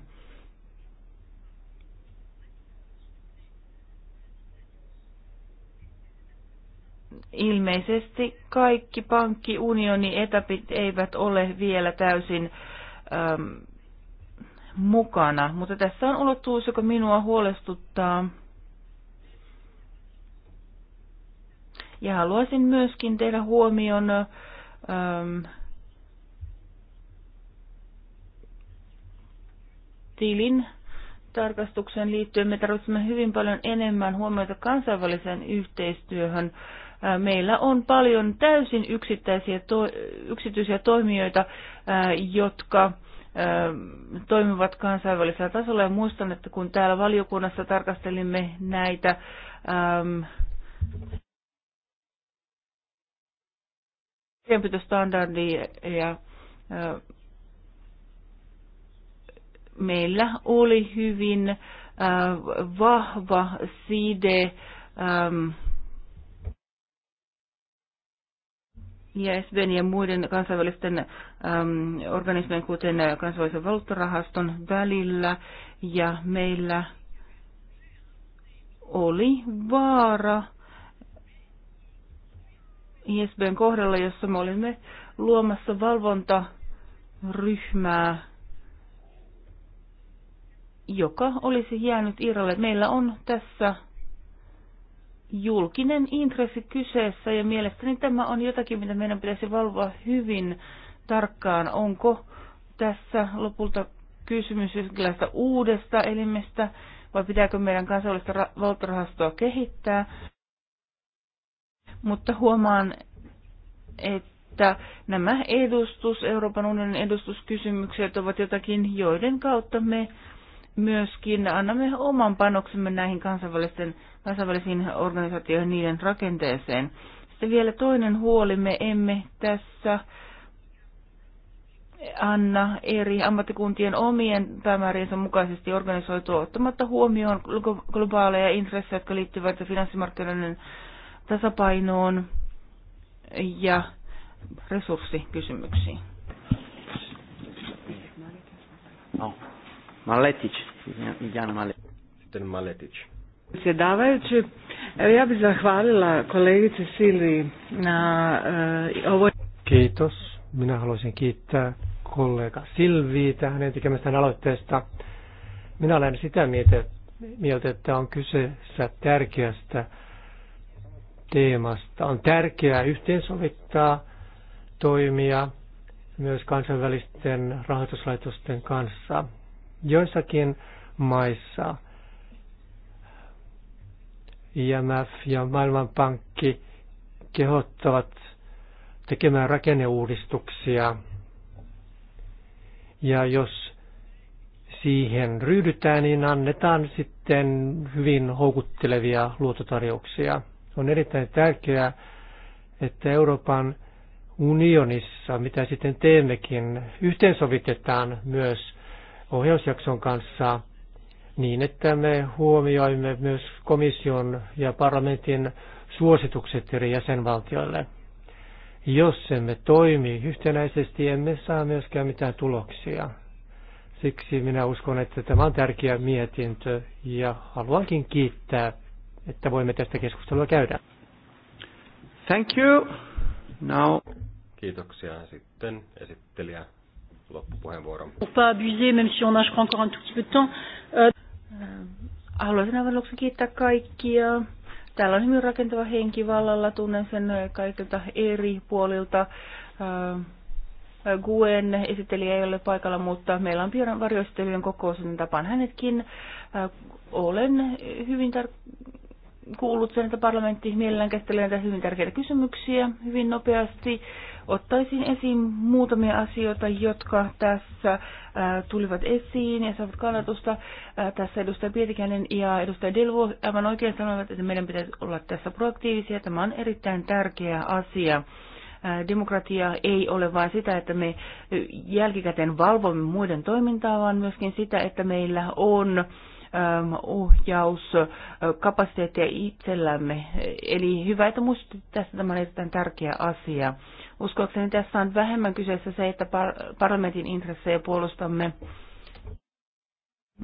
ilmeisesti kaikki pankkiunioni etapit eivät ole vielä täysin äm, mukana, mutta tässä on ulottuvuus, joka minua huolestuttaa. Ja haluaisin myöskin tehdä huomion äm, tilin tarkastukseen liittyen. Me tarvitsemme hyvin paljon enemmän huomiota kansainväliseen yhteistyöhön meillä on paljon täysin yksittäisiä to, yksityisiä toimijoita, jotka toimivat kansainvälisellä tasolla. Ja muistan, että kun täällä valiokunnassa tarkastelimme näitä äm, kirjanpitostandardia meillä oli hyvin vahva side ja SBn ja muiden kansainvälisten äm, organismien, kuten kansainvälisen valuuttarahaston välillä, ja meillä oli vaara ISBn kohdalla, jossa me olimme luomassa valvontaryhmää, joka olisi jäänyt Iralle. Meillä on tässä julkinen intressi kyseessä ja mielestäni tämä on jotakin, mitä meidän pitäisi valvoa hyvin tarkkaan. Onko tässä lopulta kysymys jonkinlaista uudesta elimestä vai pitääkö meidän kansallista valtarahastoa kehittää? Mutta huomaan, että nämä edustus, Euroopan unionin edustuskysymykset ovat jotakin, joiden kautta me myöskin annamme oman panoksemme näihin kansainvälisten, kansainvälisiin organisaatioihin niiden rakenteeseen. Sitten vielä toinen huoli, me emme tässä anna eri ammattikuntien omien päämääriensä mukaisesti organisoitua ottamatta huomioon globaaleja intressejä, jotka liittyvät finanssimarkkinoiden tasapainoon ja resurssikysymyksiin. No. Maletić. Jan Maletić. Sitten Maletić. Predsjedavajući, evo ja bih zahvalila kolegici Sili na e, ovoj... Kiitos. Minä haluaisin kiittää kollega Silviitä hänen tekemästään aloitteesta. Minä olen sitä mieltä, mieltä, että on kyseessä tärkeästä teemasta. On tärkeää yhteensovittaa toimia myös kansainvälisten rahoituslaitosten kanssa. Joissakin maissa IMF ja Maailmanpankki kehottavat tekemään rakenneuudistuksia. Ja jos siihen ryhdytään, niin annetaan sitten hyvin houkuttelevia luototarjouksia. On erittäin tärkeää, että Euroopan unionissa, mitä sitten teemmekin, yhteensovitetaan myös ohjausjakson kanssa niin, että me huomioimme myös komission ja parlamentin suositukset eri jäsenvaltioille. Jos emme toimi yhtenäisesti, emme saa myöskään mitään tuloksia. Siksi minä uskon, että tämä on tärkeä mietintö ja haluankin kiittää, että voimme tästä keskustelua käydä. Thank you. Now. Kiitoksia sitten esittelijä loppupuheenvuoro. Euh, haluaisin aivan aluksi kiittää kaikkia. Täällä on hyvin rakentava henki vallalla. Tunnen sen kaikilta eri puolilta. Guen esittelijä ei ole paikalla, mutta meillä on pian varjoistelijan kokous, niin tapaan hänetkin. Olen hyvin tar- kuullut sen, että parlamentti mielellään käsittelee näitä hyvin tärkeitä kysymyksiä hyvin nopeasti ottaisin esiin muutamia asioita, jotka tässä äh, tulivat esiin ja saavat kannatusta. Äh, tässä edustaja Pietikäinen ja edustaja Delvo aivan oikein sanoivat, että meidän pitäisi olla tässä proaktiivisia. Tämä on erittäin tärkeä asia. Äh, demokratia ei ole vain sitä, että me jälkikäteen valvomme muiden toimintaa, vaan myöskin sitä, että meillä on äh, Ähm, ohjauskapasiteettia äh, itsellämme. Eli hyvä, että muistutit tästä, tämä on erittäin tärkeä asia. Uskoakseni tässä on vähemmän kyseessä se, että par- parlamentin intressejä puolustamme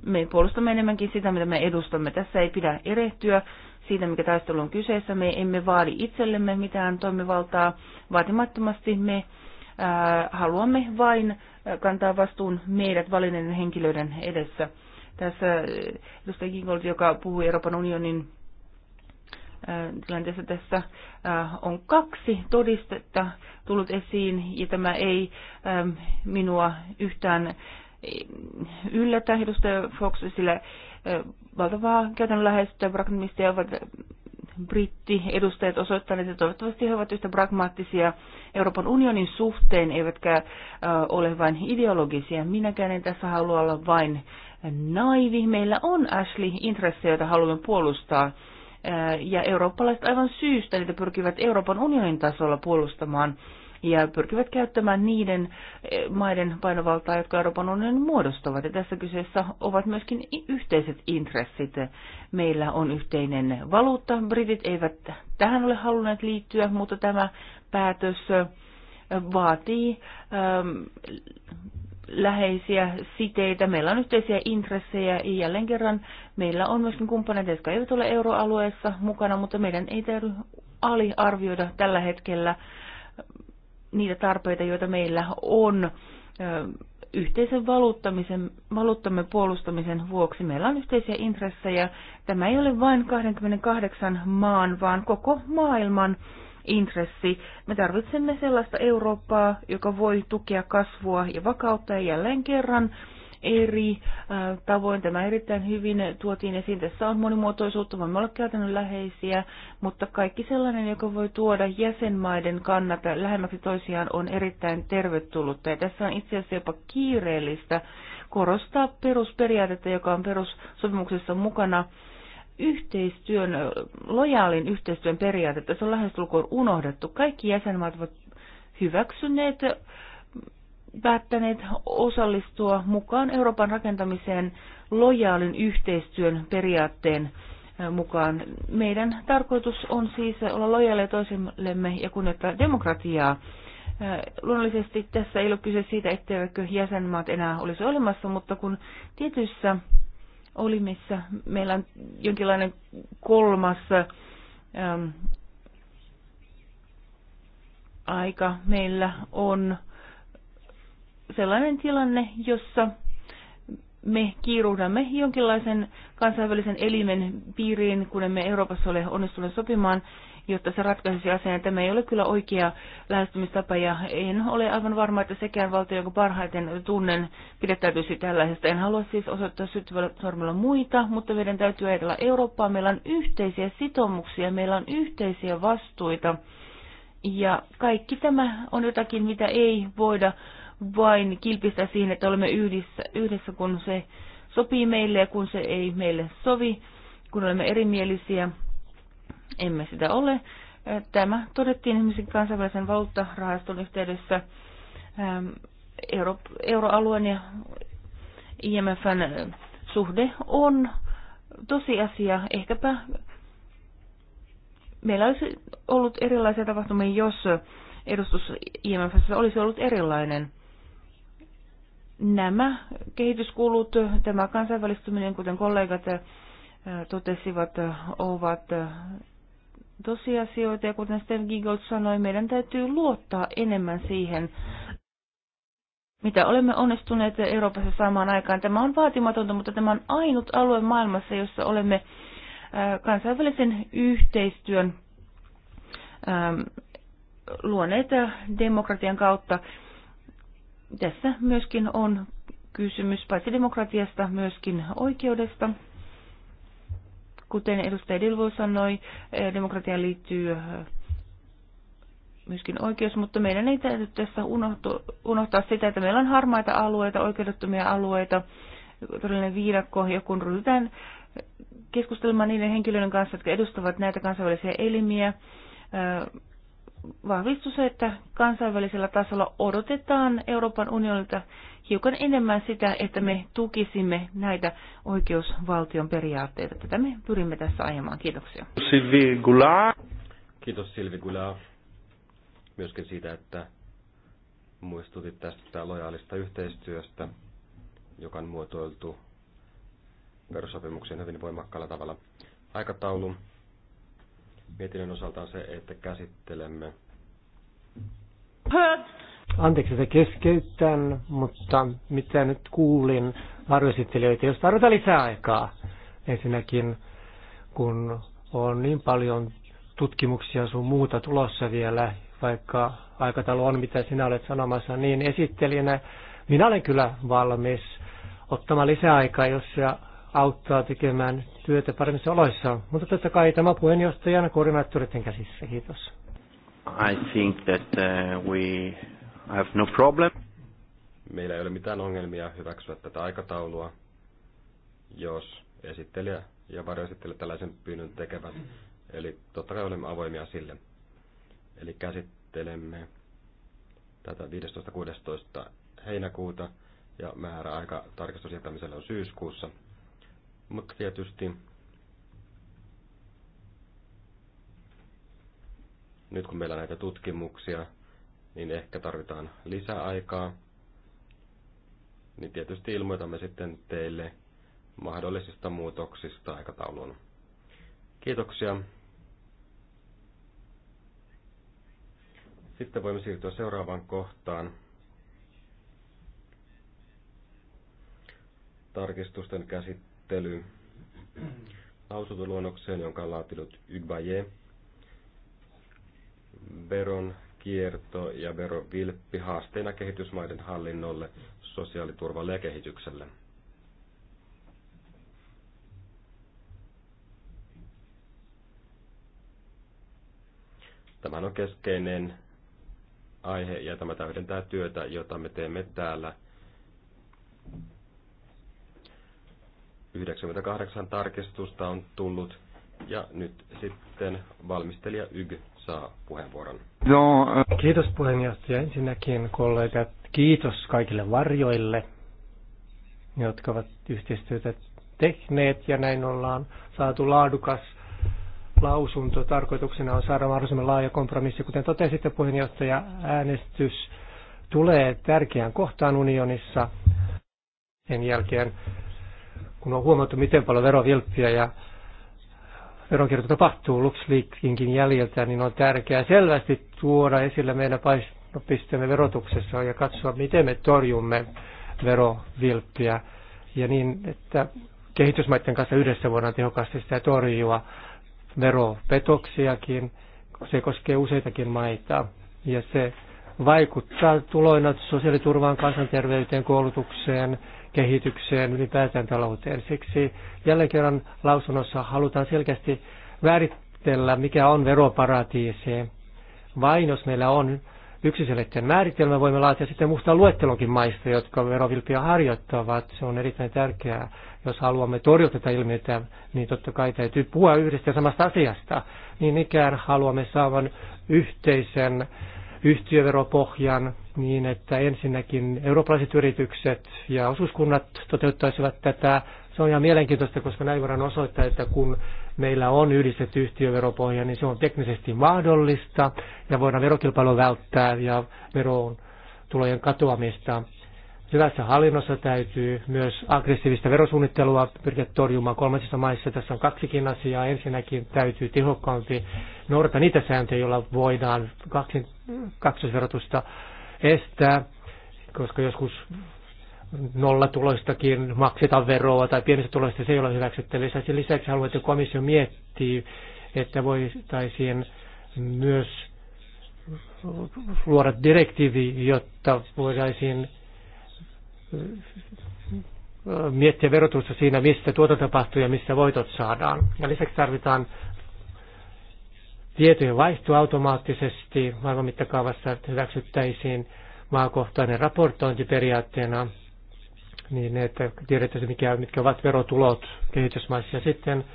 me puolustamme enemmänkin sitä, mitä me edustamme. Tässä ei pidä erehtyä siitä, mikä taistelu on kyseessä. Me emme vaadi itsellemme mitään toimivaltaa vaatimattomasti. Me ää, äh, haluamme vain äh, kantaa vastuun meidät valinneiden henkilöiden edessä. Tässä äh, edustaja Gingold, joka puhui Euroopan unionin äh, tilanteessa tässä äh, on kaksi todistetta tullut esiin ja tämä ei ähm, minua yhtään yllätä. Edustaja Fox, sillä valtavaa läheistä pragmatistia ovat britti-edustajat osoittaneet, että toivottavasti he ovat yhtä pragmaattisia Euroopan unionin suhteen, eivätkä ole vain ideologisia. Minäkään en tässä halua olla vain naivi. Meillä on Ashley-intressejä, joita haluamme puolustaa. Ja eurooppalaiset aivan syystä niitä pyrkivät Euroopan unionin tasolla puolustamaan ja pyrkivät käyttämään niiden maiden painovaltaa, jotka Euroopan unionin muodostavat. Ja tässä kyseessä ovat myöskin yhteiset intressit. Meillä on yhteinen valuutta. Britit eivät tähän ole halunneet liittyä, mutta tämä päätös vaatii ähm, läheisiä siteitä, meillä on yhteisiä intressejä ja jälleen kerran meillä on myöskin kumppaneita, jotka eivät ole euroalueessa mukana, mutta meidän ei täytyy aliarvioida tällä hetkellä niitä tarpeita, joita meillä on yhteisen valuuttamisen, valuuttamme puolustamisen vuoksi. Meillä on yhteisiä intressejä. Tämä ei ole vain 28 maan, vaan koko maailman intressi. Me tarvitsemme sellaista Eurooppaa, joka voi tukea kasvua ja vakautta ja jälleen kerran eri äh, tavoin. Tämä erittäin hyvin tuotiin esiin. Tässä on monimuotoisuutta, voimme olla läheisiä, mutta kaikki sellainen, joka voi tuoda jäsenmaiden kannat lähemmäksi toisiaan, on erittäin tervetullutta. Ja tässä on itse asiassa jopa kiireellistä korostaa perusperiaatetta, joka on perussopimuksessa mukana – yhteistyön, lojaalin yhteistyön periaatetta, se on lähestulkoon unohdettu. Kaikki jäsenmaat ovat hyväksyneet, päättäneet osallistua mukaan Euroopan rakentamiseen lojaalin yhteistyön periaatteen mukaan. Meidän tarkoitus on siis olla lojaaleja toisillemme ja kunnioittaa demokratiaa. Luonnollisesti tässä ei ole kyse siitä, etteivätkö jäsenmaat enää olisi olemassa, mutta kun tietyissä oli, missä meillä on jonkinlainen kolmas ähm, aika. Meillä on sellainen tilanne, jossa me kiiruhdamme jonkinlaisen kansainvälisen elimen piiriin, kun emme Euroopassa ole onnistuneet sopimaan jotta se ratkaisisi asian. Tämä ei ole kyllä oikea lähestymistapa ja en ole aivan varma, että sekään valtio, jonka parhaiten tunnen, pidettäytyisi tällaisesta. En halua siis osoittaa syttyvällä sormella muita, mutta meidän täytyy ajatella Eurooppaa. Meillä on yhteisiä sitoumuksia, meillä on yhteisiä vastuita ja kaikki tämä on jotakin, mitä ei voida vain kilpistää siihen, että olemme yhdessä, yhdessä kun se sopii meille ja kun se ei meille sovi, kun olemme erimielisiä emme sitä ole. Tämä todettiin ihmisen kansainvälisen valuuttarahaston yhteydessä ähm, euro, euroalueen ja IMFn suhde on tosiasia. Ehkäpä meillä olisi ollut erilaisia tapahtumia, jos edustus IMFssä olisi ollut erilainen. Nämä kehityskulut, tämä kansainvälistyminen, kuten kollegat totesivat, ovat tosiasioita ja kuten Steve Giggold sanoi, meidän täytyy luottaa enemmän siihen, mitä olemme onnistuneet Euroopassa saamaan aikaan. Tämä on vaatimatonta, mutta tämä on ainut alue maailmassa, jossa olemme äh, kansainvälisen yhteistyön ähm, luoneet äh, demokratian kautta. Tässä myöskin on kysymys paitsi demokratiasta, myöskin oikeudesta. Kuten edustaja Dilvo sanoi, eh, demokratia liittyy eh, myöskin oikeus, mutta meidän ei täytyy tässä unohtaa sitä, että meillä on harmaita alueita, oikeudettomia alueita, todellinen viidakko, ja kun ryhdytään keskustelemaan niiden henkilöiden kanssa, jotka edustavat näitä kansainvälisiä elimiä, eh, vahvistui se, että kansainvälisellä tasolla odotetaan Euroopan unionilta hiukan enemmän sitä, että me tukisimme näitä oikeusvaltion periaatteita. Tätä me pyrimme tässä ajamaan. Kiitoksia. Silvi Gula Kiitos Silvi Gula myöskin siitä, että muistutit tästä lojaalista yhteistyöstä, joka on muotoiltu perussopimuksen hyvin voimakkaalla tavalla. aikataulun mietinnön osalta on se, että käsittelemme. Anteeksi, että keskeytän, mutta mitä nyt kuulin arvoesittelijöitä, jos tarvitaan lisää aikaa. Ensinnäkin, kun on niin paljon tutkimuksia sun muuta tulossa vielä, vaikka aikataulu on, mitä sinä olet sanomassa, niin esittelijänä minä olen kyllä valmis ottamaan lisää aikaa, jos auttaa tekemään työtä paremmissa oloissa. Mutta totta kai tämä puheenjohtajan koordinaattoreiden käsissä. Kiitos. I think that uh, we have no problem. Meillä ei ole mitään ongelmia hyväksyä tätä aikataulua, jos esittelijä ja varjoesittelijä tällaisen pyynnön tekevät. Eli totta kai olemme avoimia sille. Eli käsittelemme tätä 15.16. heinäkuuta ja määräaika tarkistusjättämiselle on syyskuussa mutta tietysti nyt kun meillä on näitä tutkimuksia, niin ehkä tarvitaan lisäaikaa. Niin tietysti ilmoitamme sitten teille mahdollisista muutoksista aikataulun. Kiitoksia. Sitten voimme siirtyä seuraavaan kohtaan. Tarkistusten käsittely käsittely lausuntoluonnokseen, jonka on laatinut Ygbaye. Veron kierto ja verovilppi haasteena kehitysmaiden hallinnolle, sosiaaliturvalle ja kehitykselle. Tämä on keskeinen aihe ja tämä täydentää työtä, jota me teemme täällä – 98 tarkistusta on tullut ja nyt sitten valmistelija YG saa puheenvuoron. No, äh... kiitos puheenjohtaja. Ensinnäkin kollegat, kiitos kaikille varjoille, jotka ovat yhteistyötä tehneet ja näin ollaan saatu laadukas lausunto. Tarkoituksena on saada mahdollisimman laaja kompromissi. Kuten totesitte puheenjohtaja, äänestys tulee tärkeään kohtaan unionissa. Sen jälkeen kun on huomattu, miten paljon verovilppiä ja veronkierto tapahtuu LuxLeakinkin jäljeltä, niin on tärkeää selvästi tuoda esille meidän painopisteemme verotuksessa ja katsoa, miten me torjumme verovilppiä ja niin, että kehitysmaiden kanssa yhdessä voidaan tehokkaasti sitä torjua veropetoksiakin. Se koskee useitakin maita ja se vaikuttaa tuloina sosiaaliturvaan, kansanterveyteen, koulutukseen, kehitykseen, ylipäätään talouteen. Siksi jälleen kerran lausunnossa halutaan selkeästi määritellä, mikä on veroparatiisi. Vain jos meillä on yksiselitteinen määritelmä, voimme laatia sitten musta luettelonkin maista, jotka verovilppiä harjoittavat. Se on erittäin tärkeää. Jos haluamme torjua tätä ilmiötä, niin totta kai täytyy puhua yhdestä ja samasta asiasta. Niin ikään haluamme saavan yhteisen yhtiöveropohjan niin, että ensinnäkin eurooppalaiset yritykset ja osuuskunnat toteuttaisivat tätä. Se on ihan mielenkiintoista, koska näin voidaan osoittaa, että kun meillä on yhdistetty yhtiöveropohja, niin se on teknisesti mahdollista ja voidaan verokilpailu välttää ja veroon tulojen katoamista. Hyvässä hallinnossa täytyy myös aggressiivista verosuunnittelua pyrkiä torjumaan kolmansissa maissa. Tässä on kaksikin asiaa. Ensinnäkin täytyy tehokkaampi noudata niitä sääntöjä, joilla voidaan kaksin, kaksoisverotusta estää, koska joskus nollatuloistakin maksetaan veroa tai pienistä tuloista se ei ole hyväksyttävissä. Sen lisäksi haluan, että komissio miettii, että voitaisiin myös luoda direktiivi, jotta voitaisiin miettiä verotusta siinä, missä tuota tapahtuu ja missä voitot saadaan. Ja lisäksi tarvitaan tietojen vaihto automaattisesti maailman mittakaavassa, että hyväksyttäisiin maakohtainen raportointi periaatteena, niin että tiedettäisiin, mikä, mitkä ovat verotulot kehitysmaissa. Ja sitten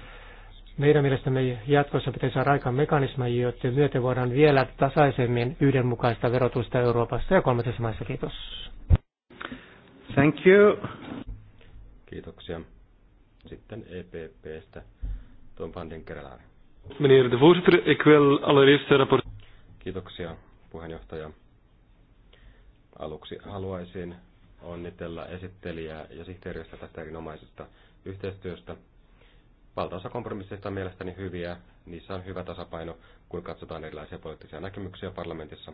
meidän mielestämme jatkossa pitäisi saada aikaan mekanismeja, joiden myöten voidaan vielä tasaisemmin yhdenmukaista verotusta Euroopassa ja kolmansissa maissa. Kiitos. Thank you. Kiitoksia. Sitten EPPstä Tom van den Kerelaari. Meneer de voorzitter, ik wil allereerst rapport... Kiitoksia puheenjohtaja. Aluksi haluaisin onnitella esittelijää ja sihteeriöstä tästä erinomaisesta yhteistyöstä. Valtaosa kompromisseista on mielestäni hyviä. Niissä on hyvä tasapaino, kun katsotaan erilaisia poliittisia näkemyksiä parlamentissa.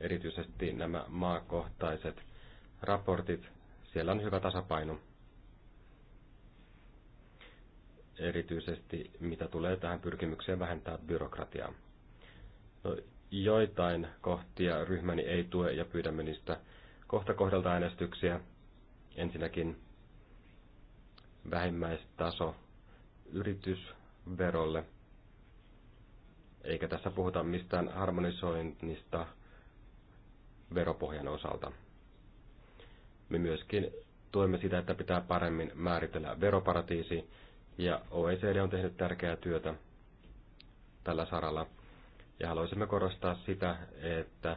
Erityisesti nämä maakohtaiset raportit, siellä on hyvä tasapaino. Erityisesti mitä tulee tähän pyrkimykseen vähentää byrokratiaa. No, joitain kohtia ryhmäni ei tue ja pyydämme niistä kohta kohdalta äänestyksiä. Ensinnäkin vähimmäistaso yritysverolle. Eikä tässä puhuta mistään harmonisoinnista veropohjan osalta. Me myöskin tuemme sitä, että pitää paremmin määritellä veroparatiisi, ja OECD on tehnyt tärkeää työtä tällä saralla. Ja haluaisimme korostaa sitä, että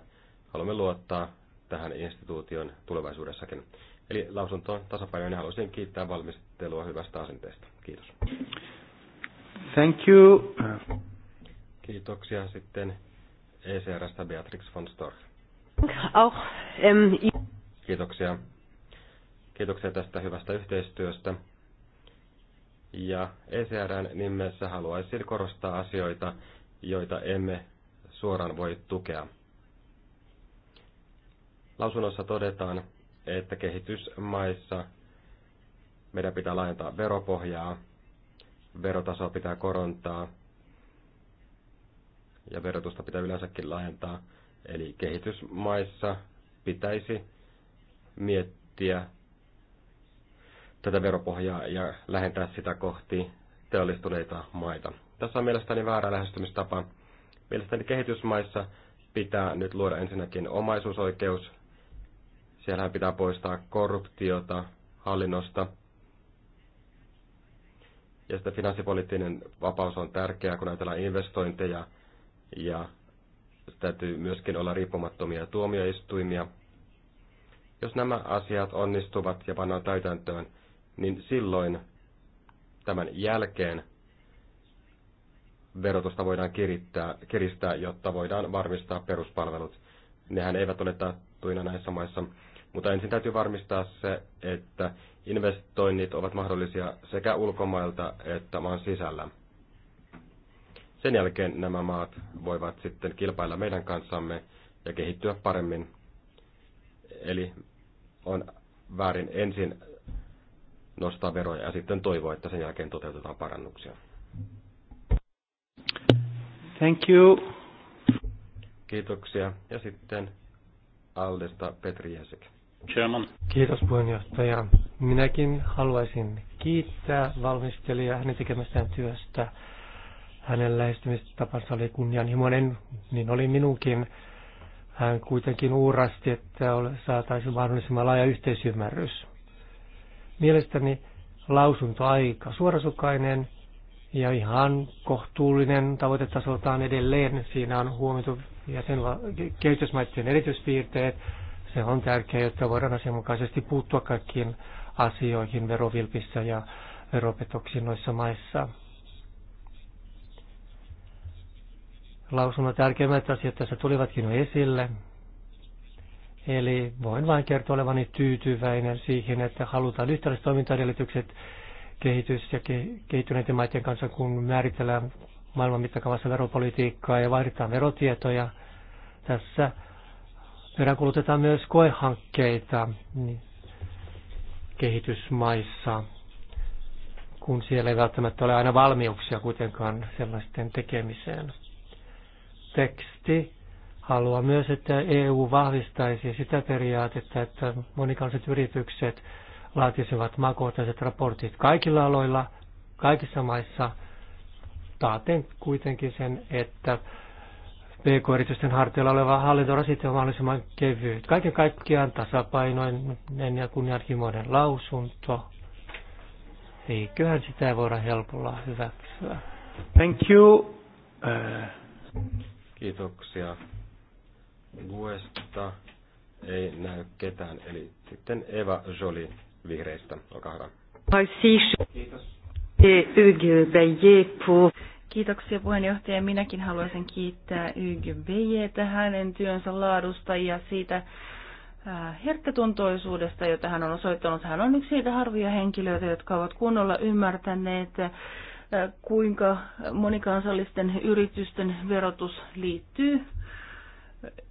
haluamme luottaa tähän instituution tulevaisuudessakin. Eli lausunto on tasapainoinen. Niin haluaisin kiittää valmistelua hyvästä asenteesta. Kiitos. Thank you. Kiitoksia sitten ECRstä Beatrix von Storch. Auch, ähm, Kiitoksia. Kiitoksia tästä hyvästä yhteistyöstä. Ja ECRn nimessä haluaisin korostaa asioita, joita emme suoraan voi tukea. Lausunnossa todetaan, että kehitysmaissa meidän pitää laajentaa veropohjaa, verotasoa pitää korontaa ja verotusta pitää yleensäkin laajentaa. Eli kehitysmaissa pitäisi miettiä tätä veropohjaa ja lähentää sitä kohti teollistuneita maita. Tässä on mielestäni väärä lähestymistapa. Mielestäni kehitysmaissa pitää nyt luoda ensinnäkin omaisuusoikeus. Siellä pitää poistaa korruptiota hallinnosta. Ja sitten finanssipoliittinen vapaus on tärkeää, kun ajatellaan investointeja ja täytyy myöskin olla riippumattomia tuomioistuimia. Jos nämä asiat onnistuvat ja pannaan täytäntöön, niin silloin tämän jälkeen verotusta voidaan kirittää, kiristää, jotta voidaan varmistaa peruspalvelut. Nehän eivät ole taattuina näissä maissa, mutta ensin täytyy varmistaa se, että investoinnit ovat mahdollisia sekä ulkomailta että maan sisällä. Sen jälkeen nämä maat voivat sitten kilpailla meidän kanssamme ja kehittyä paremmin. Eli on väärin ensin nostaa veroja ja sitten toivoa, että sen jälkeen toteutetaan parannuksia. Thank you. Kiitoksia. Ja sitten Aldesta Petri Jäsik. Chairman. Kiitos puheenjohtaja. Minäkin haluaisin kiittää valmistelijaa hänen tekemästään työstä. Hänen lähestymistapansa oli kunnianhimoinen, niin oli minunkin. Hän kuitenkin uurasti, että saataisiin mahdollisimman laaja yhteisymmärrys. Mielestäni lausunto aika suorasukainen ja ihan kohtuullinen tavoitetasoltaan edelleen. Siinä on huomioitu kehitysmaiden erityispiirteet. Se on tärkeää, jotta voidaan asianmukaisesti puuttua kaikkiin asioihin verovilpissä ja veropetoksiin noissa maissa. Lausunnon tärkeimmät asiat tässä tulivatkin jo esille. Eli voin vain kertoa olevani tyytyväinen siihen, että halutaan yhtäläiset toimintaedellytykset kehitys- ja kehittyneiden maiden kanssa, kun määritellään maailman mittakaavassa veropolitiikkaa ja vaihdetaan verotietoja. Tässä peräänkulutetaan myös koehankkeita niin kehitysmaissa, kun siellä ei välttämättä ole aina valmiuksia kuitenkaan sellaisten tekemiseen. Teksti haluaa myös, että EU vahvistaisi sitä periaatetta, että monikansalliset yritykset laatisivat maakohtaiset raportit kaikilla aloilla, kaikissa maissa, taaten kuitenkin sen, että PK-yritysten harteilla oleva hallintorasite on mahdollisimman kevyt. Kaiken kaikkiaan tasapainoinen ja kunnianhimoinen lausunto. Eiköhän sitä voida helpolla hyväksyä. Thank you. Uh... Kiitoksia Guesta ei näy ketään, eli sitten Eva Jolie vihreistä, olkaa hyvä. Siis. Kiitos. Kiitoksia puheenjohtaja. Minäkin haluaisin kiittää YGBJtä hänen työnsä laadusta ja siitä äh, herkkätuntoisuudesta, jota hän on osoittanut. Hän on yksi siitä harvoja henkilöitä, jotka ovat kunnolla ymmärtäneet, äh, kuinka monikansallisten yritysten verotus liittyy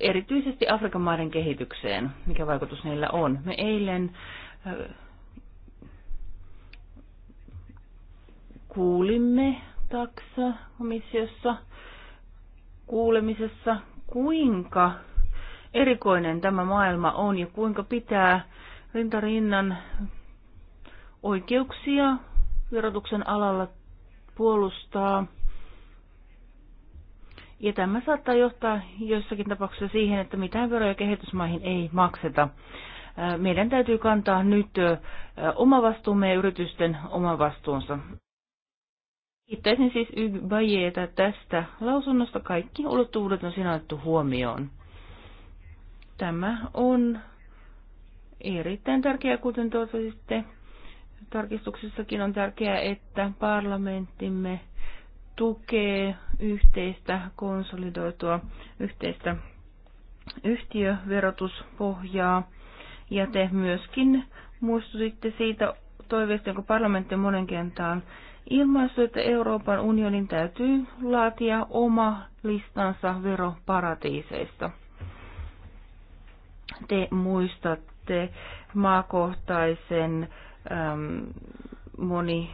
erityisesti Afrikan maiden kehitykseen, mikä vaikutus niillä on. Me eilen äh, kuulimme taksa komissiossa kuulemisessa, kuinka erikoinen tämä maailma on ja kuinka pitää rintarinnan oikeuksia verotuksen alalla puolustaa – ja tämä saattaa johtaa joissakin tapauksissa siihen, että mitään veroja kehitysmaihin ei makseta. Meidän täytyy kantaa nyt oma vastuumme ja yritysten oma vastuunsa. Kiittäisin siis Ybajeeta tästä lausunnosta. Kaikki ulottuvuudet on siinä otettu huomioon. Tämä on erittäin tärkeää, kuten sitten Tarkistuksessakin on tärkeää, että parlamenttimme tukee yhteistä konsolidoitua yhteistä yhtiöverotuspohjaa. Ja te myöskin muistutitte siitä toiveesta, jonka parlamentti on monen kentään ilmaistu, että Euroopan unionin täytyy laatia oma listansa veroparatiiseista. Te muistatte maakohtaisen ähm, moni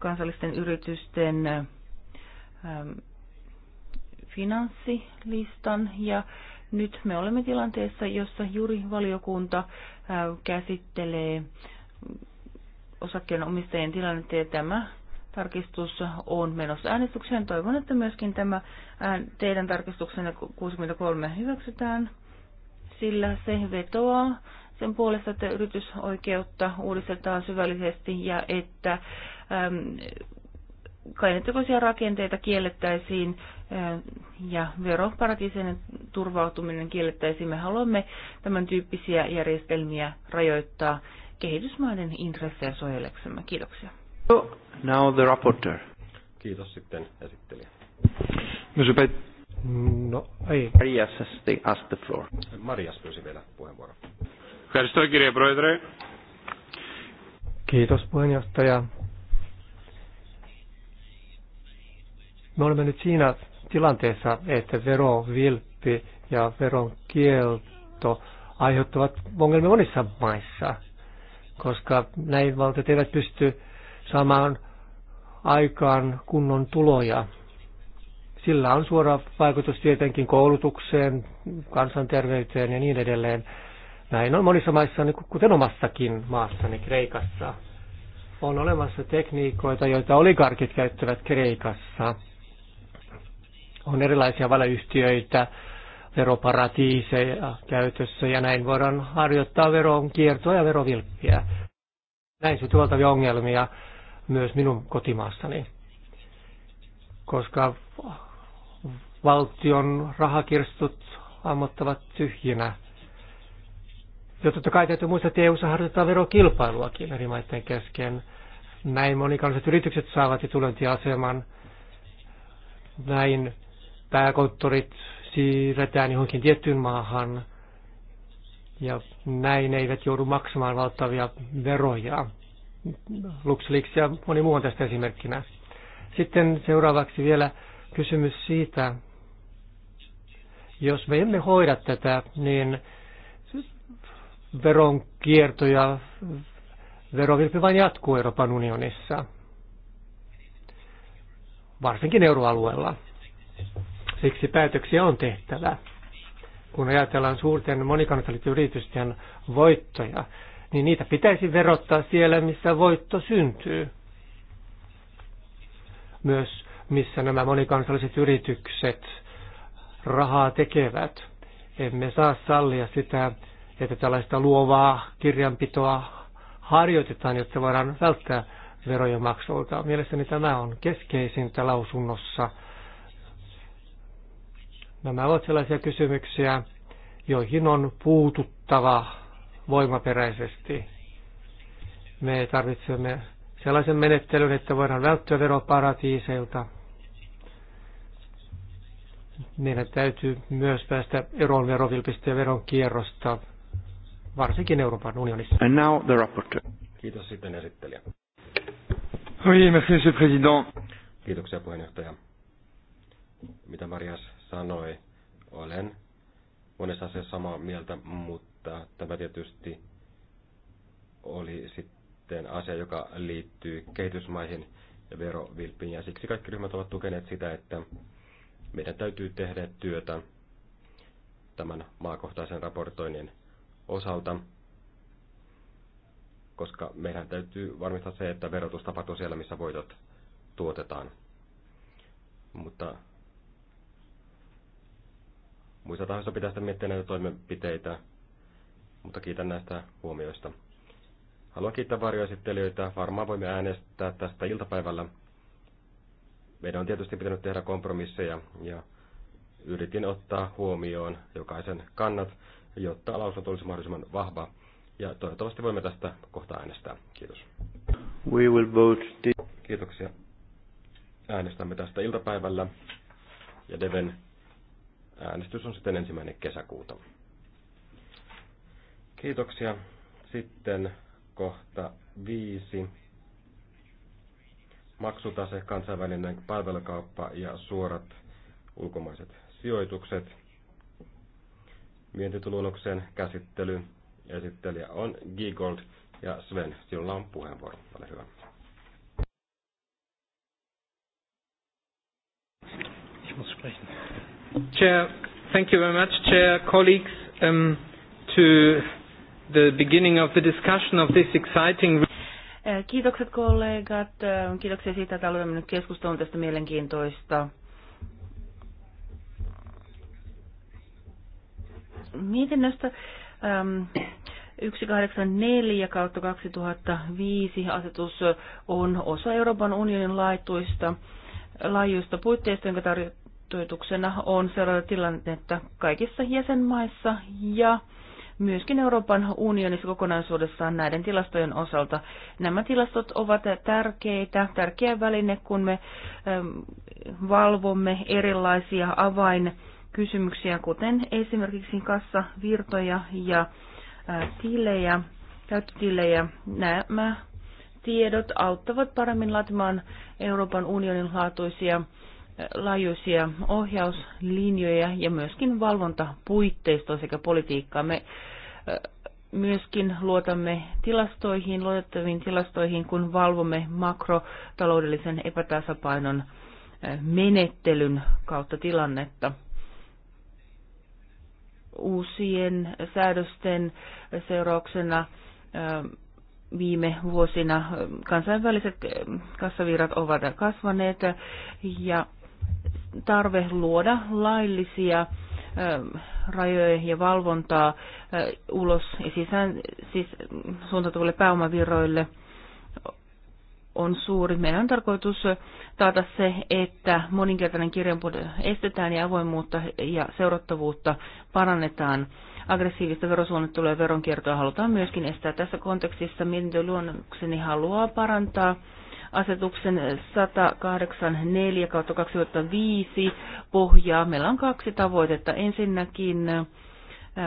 kansallisten yritysten ähm, finanssilistan ja nyt me olemme tilanteessa, jossa juuri valiokunta äh, käsittelee osakkeenomistajien tilannetta ja tämä tarkistus on menossa äänestykseen. Toivon, että myöskin tämä äh, teidän tarkistuksenne 63 hyväksytään, sillä se vetoaa sen puolesta, että yritysoikeutta uudistetaan syvällisesti ja että äm, kainetekoisia rakenteita kiellettäisiin ähm, ja veroparatiisien turvautuminen kiellettäisiin. Me haluamme tämän tyyppisiä järjestelmiä rajoittaa kehitysmaiden intressejä suojeleksemme. Kiitoksia. Now the rapporteur. Kiitos sitten esittelijä. No, ei. floor. Marias pyysi vielä puheenvuoron. Ευχαριστώ κύριε Πρόεδρε. Kiitos puheenjohtaja. Me olemme nyt siinä tilanteessa, että verovilppi ja veron kielto aiheuttavat ongelmia monissa maissa, koska näin valtiot eivät pysty saamaan aikaan kunnon tuloja. Sillä on suora vaikutus tietenkin koulutukseen, kansanterveyteen ja niin edelleen. Näin on monissa maissa, niin kuten omassakin maassani Kreikassa. On olemassa tekniikoita, joita oligarkit käyttävät Kreikassa. On erilaisia valeyhtiöitä, veroparatiiseja käytössä ja näin voidaan harjoittaa veronkiertoa ja verovilppiä. Näin syntyy valtavia ongelmia myös minun kotimaassani, koska valtion rahakirstut ammottavat tyhjinä ja totta kai täytyy muistaa, että EU-ssa harjoitetaan verokilpailuakin eri maiden kesken. Näin monikansalliset yritykset saavat etulentiaseman. Näin pääkonttorit siirretään johonkin tiettyyn maahan. Ja näin eivät joudu maksamaan valtavia veroja. LuxLeaks ja moni muu on tästä esimerkkinä. Sitten seuraavaksi vielä kysymys siitä, jos me emme hoida tätä, niin veronkierto ja verovilppi vain jatkuu Euroopan unionissa, varsinkin euroalueella. Siksi päätöksiä on tehtävä. Kun ajatellaan suurten monikansallisten yritysten voittoja, niin niitä pitäisi verottaa siellä, missä voitto syntyy. Myös missä nämä monikansalliset yritykset rahaa tekevät. Emme saa sallia sitä, että tällaista luovaa kirjanpitoa harjoitetaan, jotta voidaan välttää verojen maksulta. Mielestäni tämä on keskeisintä lausunnossa. Nämä ovat sellaisia kysymyksiä, joihin on puututtava voimaperäisesti. Me tarvitsemme sellaisen menettelyn, että voidaan välttyä veroparatiiseilta. Meidän täytyy myös päästä eroon verovilpistä ja veron kierrosta varsinkin Euroopan unionissa. And now the rapporteur. Kiitos sitten esittelijä. Oui, merci, monsieur président. Kiitoksia puheenjohtaja. Mitä Marias sanoi, olen monessa asiassa samaa mieltä, mutta tämä tietysti oli sitten asia, joka liittyy kehitysmaihin ja verovilppiin. Ja siksi kaikki ryhmät ovat tukeneet sitä, että meidän täytyy tehdä työtä tämän maakohtaisen raportoinnin osalta, koska meidän täytyy varmistaa se, että verotus tapahtuu siellä, missä voitot tuotetaan. Mutta muissa tahoissa pitää sitten miettiä näitä toimenpiteitä, mutta kiitän näistä huomioista. Haluan kiittää varjoesittelijöitä. Varmaan voimme äänestää tästä iltapäivällä. Meidän on tietysti pitänyt tehdä kompromisseja ja yritin ottaa huomioon jokaisen kannat, jotta lausunto olisi mahdollisimman vahva. Ja toivottavasti voimme tästä kohta äänestää. Kiitos. We will vote the... Kiitoksia. Äänestämme tästä iltapäivällä. Ja Deven äänestys on sitten ensimmäinen kesäkuuta. Kiitoksia. Sitten kohta viisi. Maksutase, kansainvälinen palvelukauppa ja suorat ulkomaiset sijoitukset mietintölunoksen käsittely. Esittelijä on Gigold ja Sven, sinulla on puheenvuoro. Ole hyvä. Chair, thank you very much, Chair, colleagues, um, to the beginning of the discussion of this exciting... Kiitokset kollegat. Kiitoksia siitä, että olemme nyt keskustelun tästä mielenkiintoista mietinnöstä. Ähm, 184 kautta 2005 asetus on osa Euroopan unionin laituista, laajuista puitteista, jonka tarkoituksena on seurata tilannetta kaikissa jäsenmaissa ja myöskin Euroopan unionissa kokonaisuudessaan näiden tilastojen osalta. Nämä tilastot ovat tärkeitä, tärkeä väline, kun me ähm, valvomme erilaisia avain kysymyksiä, kuten esimerkiksi kassavirtoja ja tilejä, käyttötilejä. Nämä tiedot auttavat paremmin laatimaan Euroopan unionin laatuisia laajuisia ohjauslinjoja ja myöskin valvontapuitteistoa sekä politiikkaa. Me myöskin luotamme tilastoihin, luotettaviin tilastoihin, kun valvomme makrotaloudellisen epätasapainon menettelyn kautta tilannetta uusien säädösten seurauksena viime vuosina kansainväliset kassavirrat ovat kasvaneet ja tarve luoda laillisia rajoja ja valvontaa ulos ja sisään siis suuntautuville pääomavirroille – on suuri. Meidän on tarkoitus taata se, että moninkertainen kirjanpito estetään ja avoimuutta ja seurattavuutta parannetaan. Aggressiivista verosuunnittelua ja veronkiertoa halutaan myöskin estää. Tässä kontekstissa mietintöluonnokseni haluaa parantaa asetuksen 184-2005 pohjaa. Meillä on kaksi tavoitetta. Ensinnäkin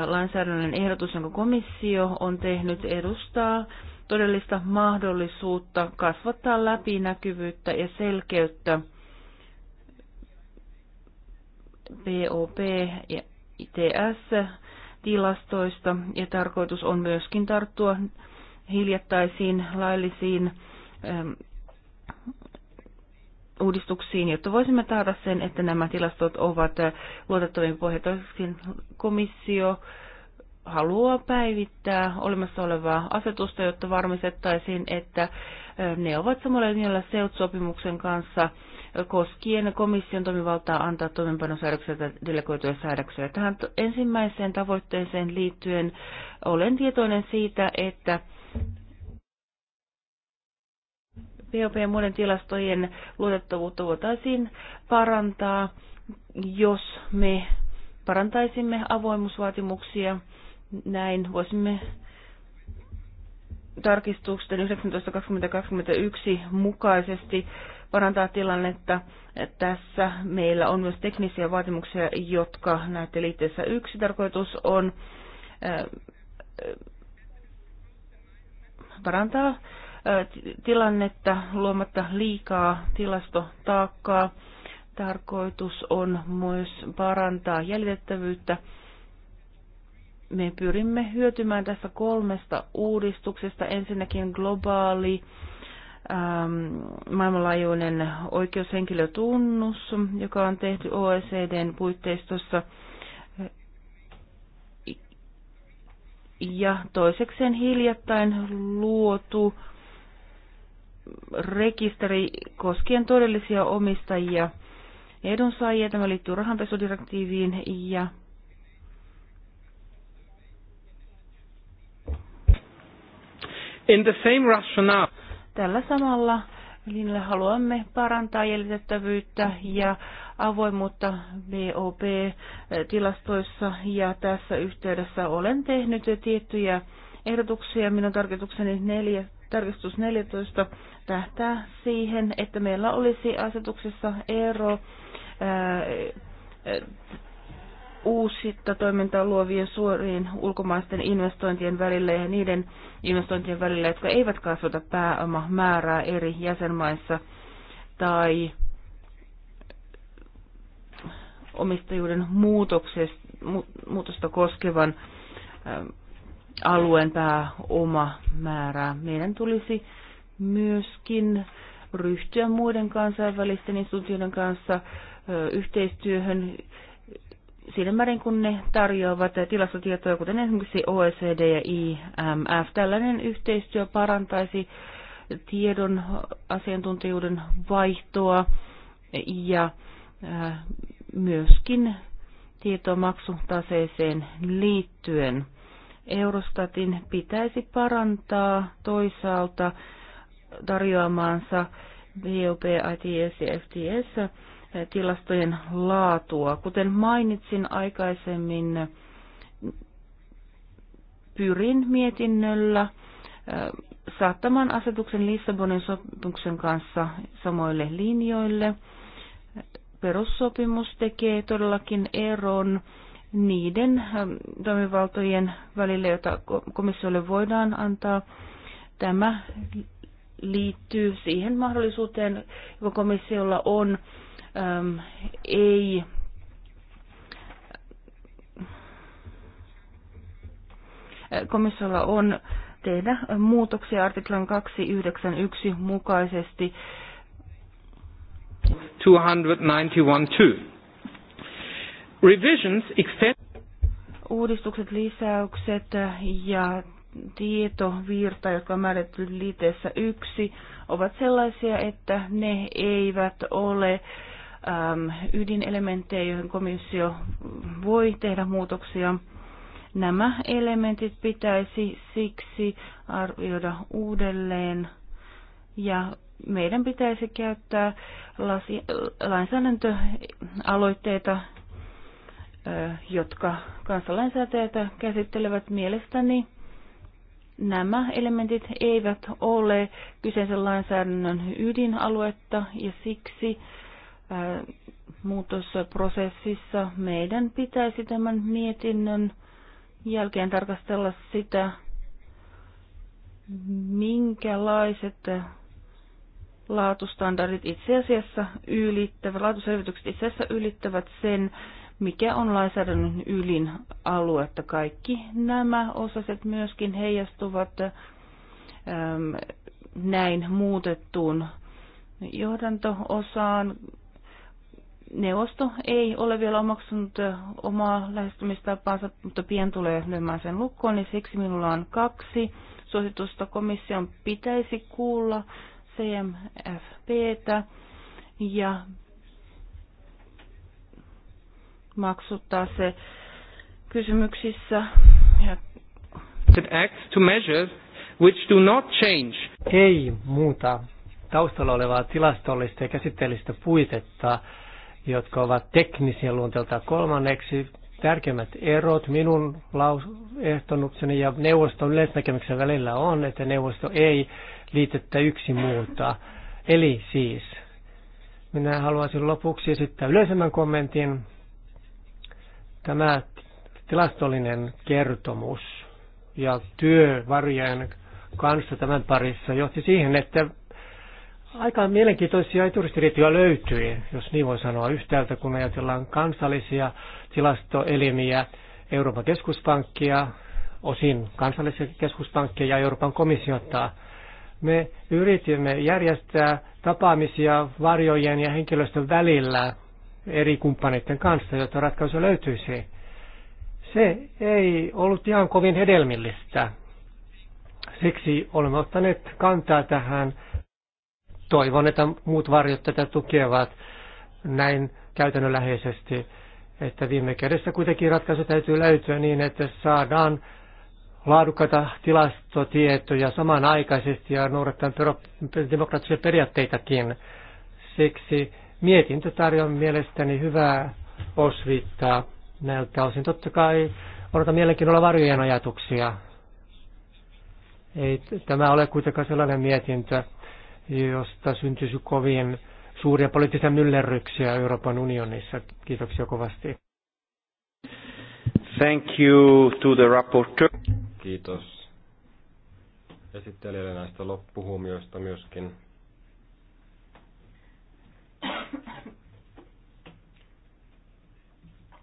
lainsäädännön ehdotus, jonka komissio on tehnyt, edustaa todellista mahdollisuutta kasvattaa läpinäkyvyyttä ja selkeyttä POP ja ITS-tilastoista ja tarkoitus on myöskin tarttua hiljattaisiin laillisiin ähm, uudistuksiin, jotta voisimme taata sen, että nämä tilastot ovat luotettavien pohjatoiseksi komissio haluaa päivittää olemassa olevaa asetusta, jotta varmistettaisiin, että ne ovat samalla linjalla SEUT-sopimuksen kanssa koskien komission toimivaltaa antaa toimenpanosäädöksiä tai delegoituja säädöksiä. Tähän ensimmäiseen tavoitteeseen liittyen olen tietoinen siitä, että POP ja muiden tilastojen luotettavuutta voitaisiin parantaa, jos me parantaisimme avoimuusvaatimuksia näin voisimme tarkistusten 19.20.21 mukaisesti parantaa tilannetta. Tässä meillä on myös teknisiä vaatimuksia, jotka näette liitteessä yksi. Tarkoitus on äh, parantaa äh, tilannetta luomatta liikaa tilastotaakkaa. Tarkoitus on myös parantaa jäljitettävyyttä me pyrimme hyötymään tässä kolmesta uudistuksesta. Ensinnäkin globaali ähm, maailmanlaajuinen oikeushenkilötunnus, joka on tehty OECDn puitteistossa. Ja toisekseen hiljattain luotu rekisteri koskien todellisia omistajia edunsaajia. Tämä liittyy rahanpesudirektiiviin ja In the same rationale. Tällä samalla linjalla haluamme parantaa jäljitettävyyttä ja avoimuutta BOP-tilastoissa eh, ja tässä yhteydessä olen tehnyt tiettyjä ehdotuksia. Minun tarkoitukseni neljä, tarkistus 14 tähtää siihen, että meillä olisi asetuksessa ero ää, eh, eh, uusista toimintaa luovien suorien ulkomaisten investointien välillä ja niiden investointien välillä, jotka eivät kasvata pääomamäärää eri jäsenmaissa tai omistajuuden muutosta koskevan ähm, alueen pääomamäärää. Meidän tulisi myöskin ryhtyä muiden kansainvälisten instituutioiden kanssa yhteistyöhön siinä määrin kun ne tarjoavat tilastotietoja, kuten esimerkiksi OECD ja IMF. Tällainen yhteistyö parantaisi tiedon asiantuntijuuden vaihtoa ja äh, myöskin tietoa maksutaseeseen liittyen. Eurostatin pitäisi parantaa toisaalta tarjoamaansa BOP, ITS ja FTS tilastojen laatua. Kuten mainitsin aikaisemmin, pyrin mietinnöllä saattamaan asetuksen Lissabonin sopimuksen kanssa samoille linjoille. Perussopimus tekee todellakin eron niiden toimivaltojen välille joita komissiolle voidaan antaa. Tämä liittyy siihen mahdollisuuteen, joka komissiolla on äm, ei komissiolla on tehdä muutoksia artiklan 291 mukaisesti. 291.2. Revisions extend... Uudistukset, lisäykset ja tietovirta, jotka on määrätty liiteessä yksi, ovat sellaisia, että ne eivät ole Ähm, ydinelementtejä, joihin komissio voi tehdä muutoksia. Nämä elementit pitäisi siksi arvioida uudelleen ja meidän pitäisi käyttää lasi, lainsäädäntöaloitteita, jotka kansalainsäätäjät käsittelevät mielestäni. Nämä elementit eivät ole kyseisen lainsäädännön ydinaluetta ja siksi muutosprosessissa meidän pitäisi tämän mietinnön jälkeen tarkastella sitä, minkälaiset laatustandardit itse asiassa ylittävät, laatuselvitykset itse asiassa ylittävät sen, mikä on lainsäädännön ylin aluetta. Kaikki nämä osaset myöskin heijastuvat näin muutettuun johdanto-osaan neuvosto ei ole vielä omaksunut omaa lähestymistapaansa, mutta pian tulee lyömään sen lukkoon, niin siksi minulla on kaksi suositusta. Komission pitäisi kuulla CMFPtä ja maksuttaa se kysymyksissä. Acts to measures which do not change. Ei muuta taustalla olevaa tilastollista ja käsitteellistä puitetta jotka ovat teknisiä luonteelta. Kolmanneksi tärkeimmät erot minun ehtonukseni ja neuvoston yleisnäkemyksen välillä on, että neuvosto ei liitettä yksi muuta. Eli siis, minä haluaisin lopuksi esittää yleisemmän kommentin. Tämä tilastollinen kertomus ja työ varjojen kanssa tämän parissa johti siihen, että aika mielenkiintoisia eturistiriitoja löytyi, jos niin voi sanoa yhtäältä, kun ajatellaan kansallisia tilastoelimiä, Euroopan keskuspankkia, osin kansallisia keskuspankkia ja Euroopan komissiota. Me yritimme järjestää tapaamisia varjojen ja henkilöstön välillä eri kumppaneiden kanssa, jotta ratkaisu löytyisi. Se ei ollut ihan kovin hedelmillistä. Siksi olemme ottaneet kantaa tähän toivon, että muut varjot tätä tukevat näin käytännönläheisesti, että viime kädessä kuitenkin ratkaisu täytyy löytyä niin, että saadaan laadukkaita tilastotietoja samanaikaisesti ja noudattaen demokraattisia periaatteitakin. Siksi mietintö tarjoaa mielestäni hyvää osviittaa näiltä osin. Totta kai odotan mielenkiinnolla varjojen ajatuksia. Ei tämä ole kuitenkaan sellainen mietintö, josta syntyisi kovin suuria poliittisia myllerryksiä Euroopan unionissa. Kiitoksia kovasti. Thank you to the rapporteur. Kiitos esittelijälle näistä loppuhuomioista myöskin.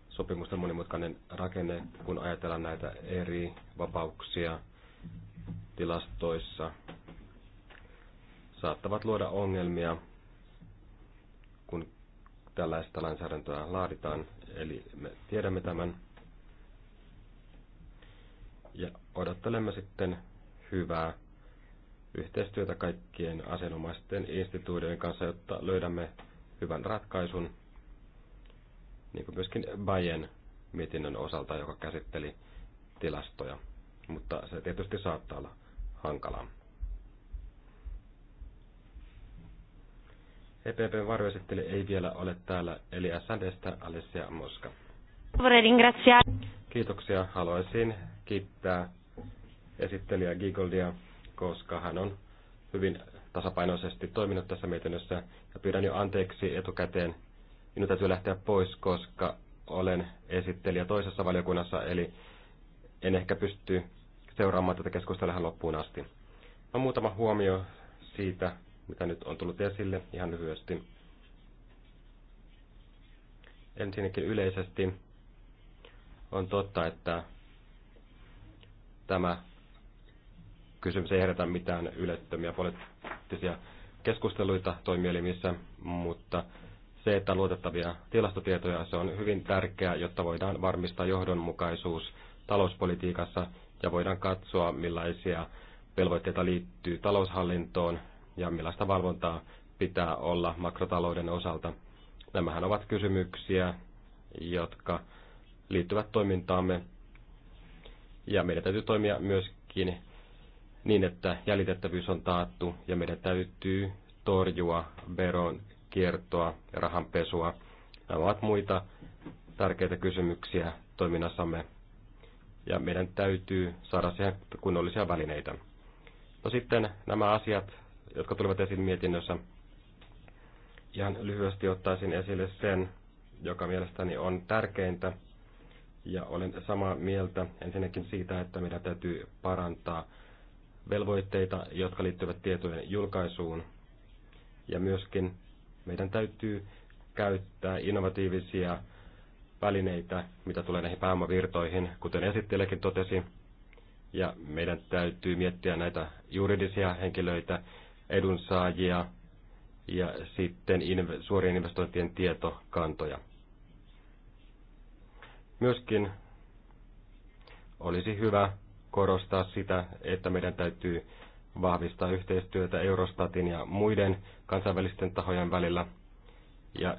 Sopimusten monimutkainen rakenne, kun ajatellaan näitä eri vapauksia tilastoissa saattavat luoda ongelmia, kun tällaista lainsäädäntöä laaditaan. Eli me tiedämme tämän ja odottelemme sitten hyvää yhteistyötä kaikkien asianomaisten instituutioiden kanssa, jotta löydämme hyvän ratkaisun, niin kuin myöskin Bayen mietinnön osalta, joka käsitteli tilastoja. Mutta se tietysti saattaa olla hankalaa. EPPn varjoesittely ei vielä ole täällä, eli SNDstä Alessia Moska. Kiitoksia. Haluaisin kiittää esittelijä Gigoldia, koska hän on hyvin tasapainoisesti toiminut tässä mietinnössä. Ja pyydän jo anteeksi etukäteen. Minun täytyy lähteä pois, koska olen esittelijä toisessa valiokunnassa, eli en ehkä pysty seuraamaan tätä keskustelua loppuun asti. No, muutama huomio siitä, mitä nyt on tullut esille ihan lyhyesti. Ensinnäkin yleisesti on totta, että tämä kysymys ei herätä mitään ylettömiä poliittisia keskusteluita toimielimissä, mutta se, että luotettavia tilastotietoja, se on hyvin tärkeää, jotta voidaan varmistaa johdonmukaisuus talouspolitiikassa ja voidaan katsoa, millaisia velvoitteita liittyy taloushallintoon ja millaista valvontaa pitää olla makrotalouden osalta. Nämähän ovat kysymyksiä, jotka liittyvät toimintaamme. Ja meidän täytyy toimia myöskin niin, että jäljitettävyys on taattu ja meidän täytyy torjua veron kiertoa ja rahanpesua. Nämä ovat muita tärkeitä kysymyksiä toiminnassamme ja meidän täytyy saada siihen kunnollisia välineitä. No sitten nämä asiat jotka tulivat esiin mietinnössä. Ihan lyhyesti ottaisin esille sen, joka mielestäni on tärkeintä, ja olen samaa mieltä ensinnäkin siitä, että meidän täytyy parantaa velvoitteita, jotka liittyvät tietojen julkaisuun. Ja myöskin meidän täytyy käyttää innovatiivisia välineitä, mitä tulee näihin pääomavirtoihin, kuten esittelekin totesi. Ja meidän täytyy miettiä näitä juridisia henkilöitä, edunsaajia ja sitten suorien investointien tietokantoja. Myöskin olisi hyvä korostaa sitä, että meidän täytyy vahvistaa yhteistyötä Eurostatin ja muiden kansainvälisten tahojen välillä. Ja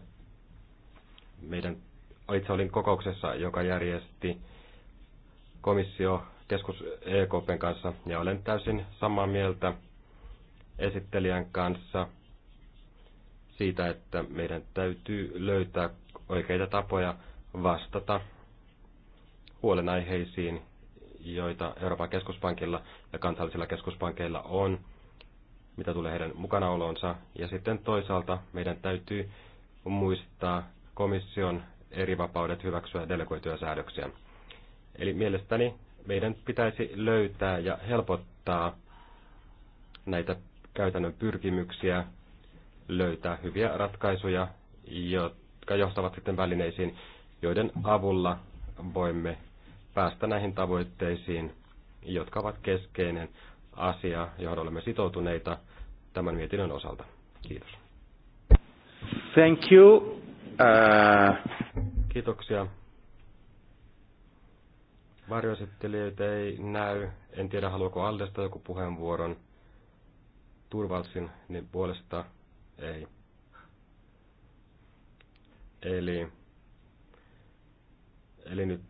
meidän, itse olin kokouksessa, joka järjesti komissio keskus EKPn kanssa, ja olen täysin samaa mieltä esittelijän kanssa siitä, että meidän täytyy löytää oikeita tapoja vastata huolenaiheisiin, joita Euroopan keskuspankilla ja kansallisilla keskuspankeilla on, mitä tulee heidän mukanaolonsa. Ja sitten toisaalta meidän täytyy muistaa komission eri vapaudet hyväksyä delegoituja säädöksiä. Eli mielestäni meidän pitäisi löytää ja helpottaa näitä käytännön pyrkimyksiä löytää hyviä ratkaisuja, jotka johtavat sitten välineisiin, joiden avulla voimme päästä näihin tavoitteisiin, jotka ovat keskeinen asia, johon olemme sitoutuneita tämän mietinnön osalta. Kiitos. Thank you. Uh... Kiitoksia. Varjoesittelijöitä ei näy. En tiedä, haluako Aldesta joku puheenvuoron. Turvalsin, niin puolesta ei. Eli, eli nyt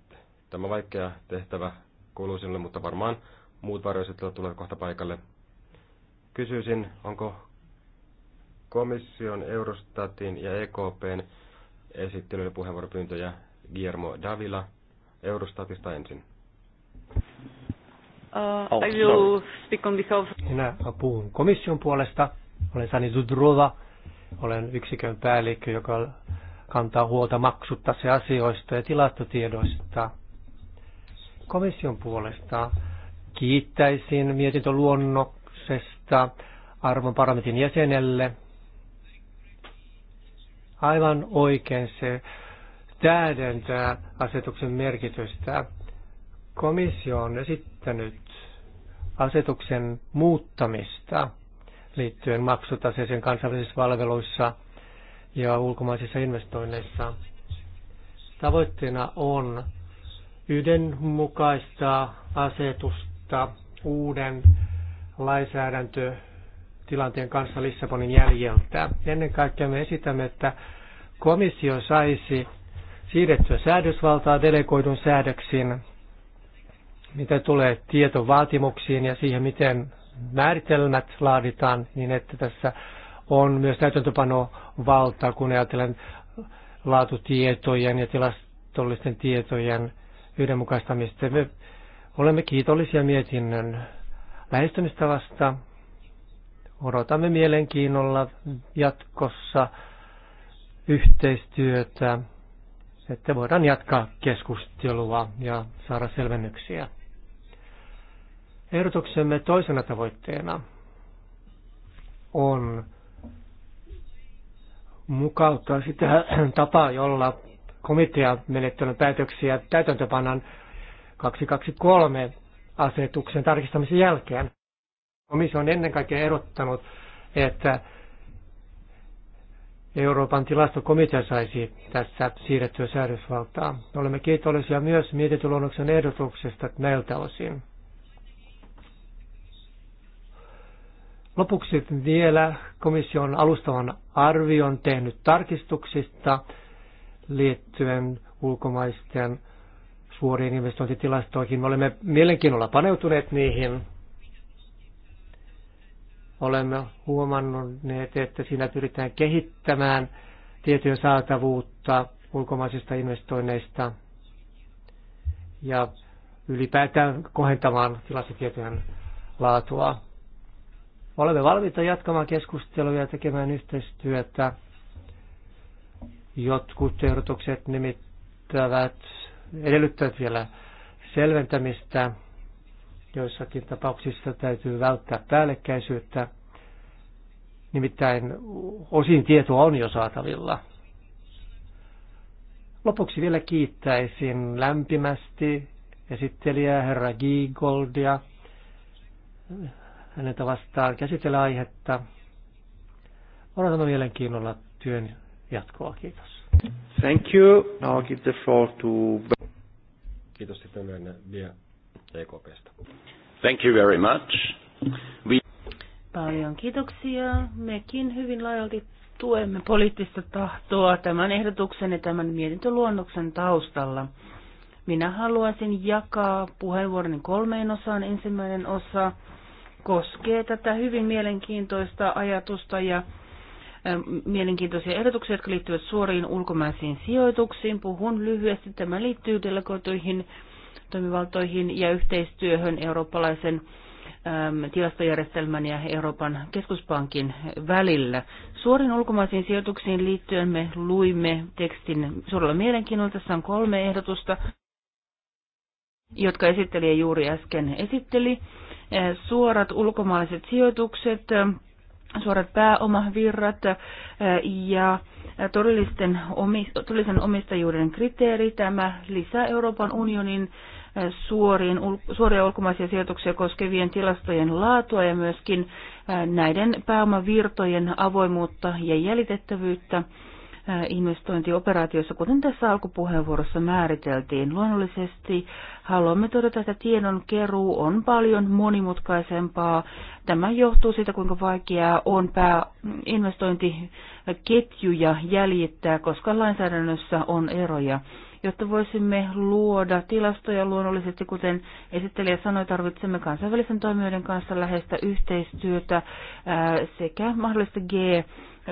tämä vaikea tehtävä kuuluu sinulle, mutta varmaan muut varjoesittelijät tulevat kohta paikalle. Kysyisin, onko komission, Eurostatin ja EKPn ja puheenvuoropyyntöjä Guillermo Davila Eurostatista ensin. Uh, I will speak on behalf of minä puhun komission puolesta. Olen Sani Zudrova. Olen yksikön päällikkö, joka kantaa huolta maksutta se asioista ja tilastotiedoista. Komission puolesta kiittäisin mietintöluonnoksesta arvon parlamentin jäsenelle. Aivan oikein se täydentää asetuksen merkitystä. Komissio on esittänyt asetuksen muuttamista liittyen maksutaseeseen kansainvälisissä palveluissa ja ulkomaisissa investoinneissa. Tavoitteena on yhdenmukaista asetusta uuden lainsäädäntötilanteen kanssa Lissabonin jäljeltä. Ennen kaikkea me esitämme, että komissio saisi siirrettyä säädösvaltaa delegoidun säädöksiin mitä tulee tietovaatimuksiin ja siihen, miten määritelmät laaditaan, niin että tässä on myös täytäntöpanovalta, kun ajatellaan laatutietojen ja tilastollisten tietojen yhdenmukaistamista. Me olemme kiitollisia mietinnön lähestymistavasta. Odotamme mielenkiinnolla jatkossa yhteistyötä, että voidaan jatkaa keskustelua ja saada selvennyksiä. Ehdotuksemme toisena tavoitteena on mukauttaa sitä tapaa, jolla komiteamenettelyn päätöksiä täytäntöpannan 223 asetuksen tarkistamisen jälkeen. Komissio on ennen kaikkea erottanut, että Euroopan tilastokomitea saisi tässä siirrettyä säädösvaltaa. Olemme kiitollisia myös mietityluonnoksen ehdotuksesta näiltä osin. Lopuksi vielä komission alustavan arvion tehnyt tarkistuksista liittyen ulkomaisten suoriin investointitilastoihin. Me olemme mielenkiinnolla paneutuneet niihin. Olemme huomanneet, että siinä pyritään kehittämään tietojen saatavuutta ulkomaisista investoinneista ja ylipäätään kohentamaan tilastotietojen laatua. Olemme valmiita jatkamaan keskustelua ja tekemään yhteistyötä. Jotkut ehdotukset nimittävät, edellyttävät vielä selventämistä. Joissakin tapauksissa täytyy välttää päällekkäisyyttä. Nimittäin osin tietoa on jo saatavilla. Lopuksi vielä kiittäisin lämpimästi esittelijää herra Giegoldia häneltä vastaan käsitellä aihetta. Odotamme mielenkiinnolla työn jatkoa. Kiitos. Thank you. Now give the floor to... Kiitos sitten myönnä vielä EKPstä. Thank you very much. We... Paljon kiitoksia. Mekin hyvin laajalti tuemme poliittista tahtoa tämän ehdotuksen ja tämän mietintöluonnoksen taustalla. Minä haluaisin jakaa puheenvuoroni kolmeen osaan. Ensimmäinen osa koskee tätä hyvin mielenkiintoista ajatusta ja mielenkiintoisia ehdotuksia, jotka liittyvät suoriin ulkomaisiin sijoituksiin. Puhun lyhyesti. Tämä liittyy delegoituihin toimivaltoihin ja yhteistyöhön eurooppalaisen tilastojärjestelmän ja Euroopan keskuspankin välillä. Suorin ulkomaisiin sijoituksiin liittyen me luimme tekstin suurella mielenkiinnolla. Tässä on kolme ehdotusta, jotka esittelijä juuri äsken esitteli. Eh, suorat ulkomaalaiset sijoitukset, eh, suorat pääomavirrat eh, ja todellisten todellisen omistajuuden kriteeri. Tämä lisää Euroopan unionin suoriin, suoria ulkomaisia sijoituksia koskevien tilastojen laatua ja myöskin näiden pääomavirtojen avoimuutta ja jäljitettävyyttä. Äh, investointioperaatioissa, kuten tässä alkupuheenvuorossa määriteltiin. Luonnollisesti haluamme todeta, että tiedon keruu on paljon monimutkaisempaa. Tämä johtuu siitä, kuinka vaikeaa on pää investointiketjuja jäljittää, koska lainsäädännössä on eroja jotta voisimme luoda tilastoja luonnollisesti, kuten esittelijä sanoi, tarvitsemme kansainvälisen toimijoiden kanssa läheistä yhteistyötä äh, sekä mahdollista G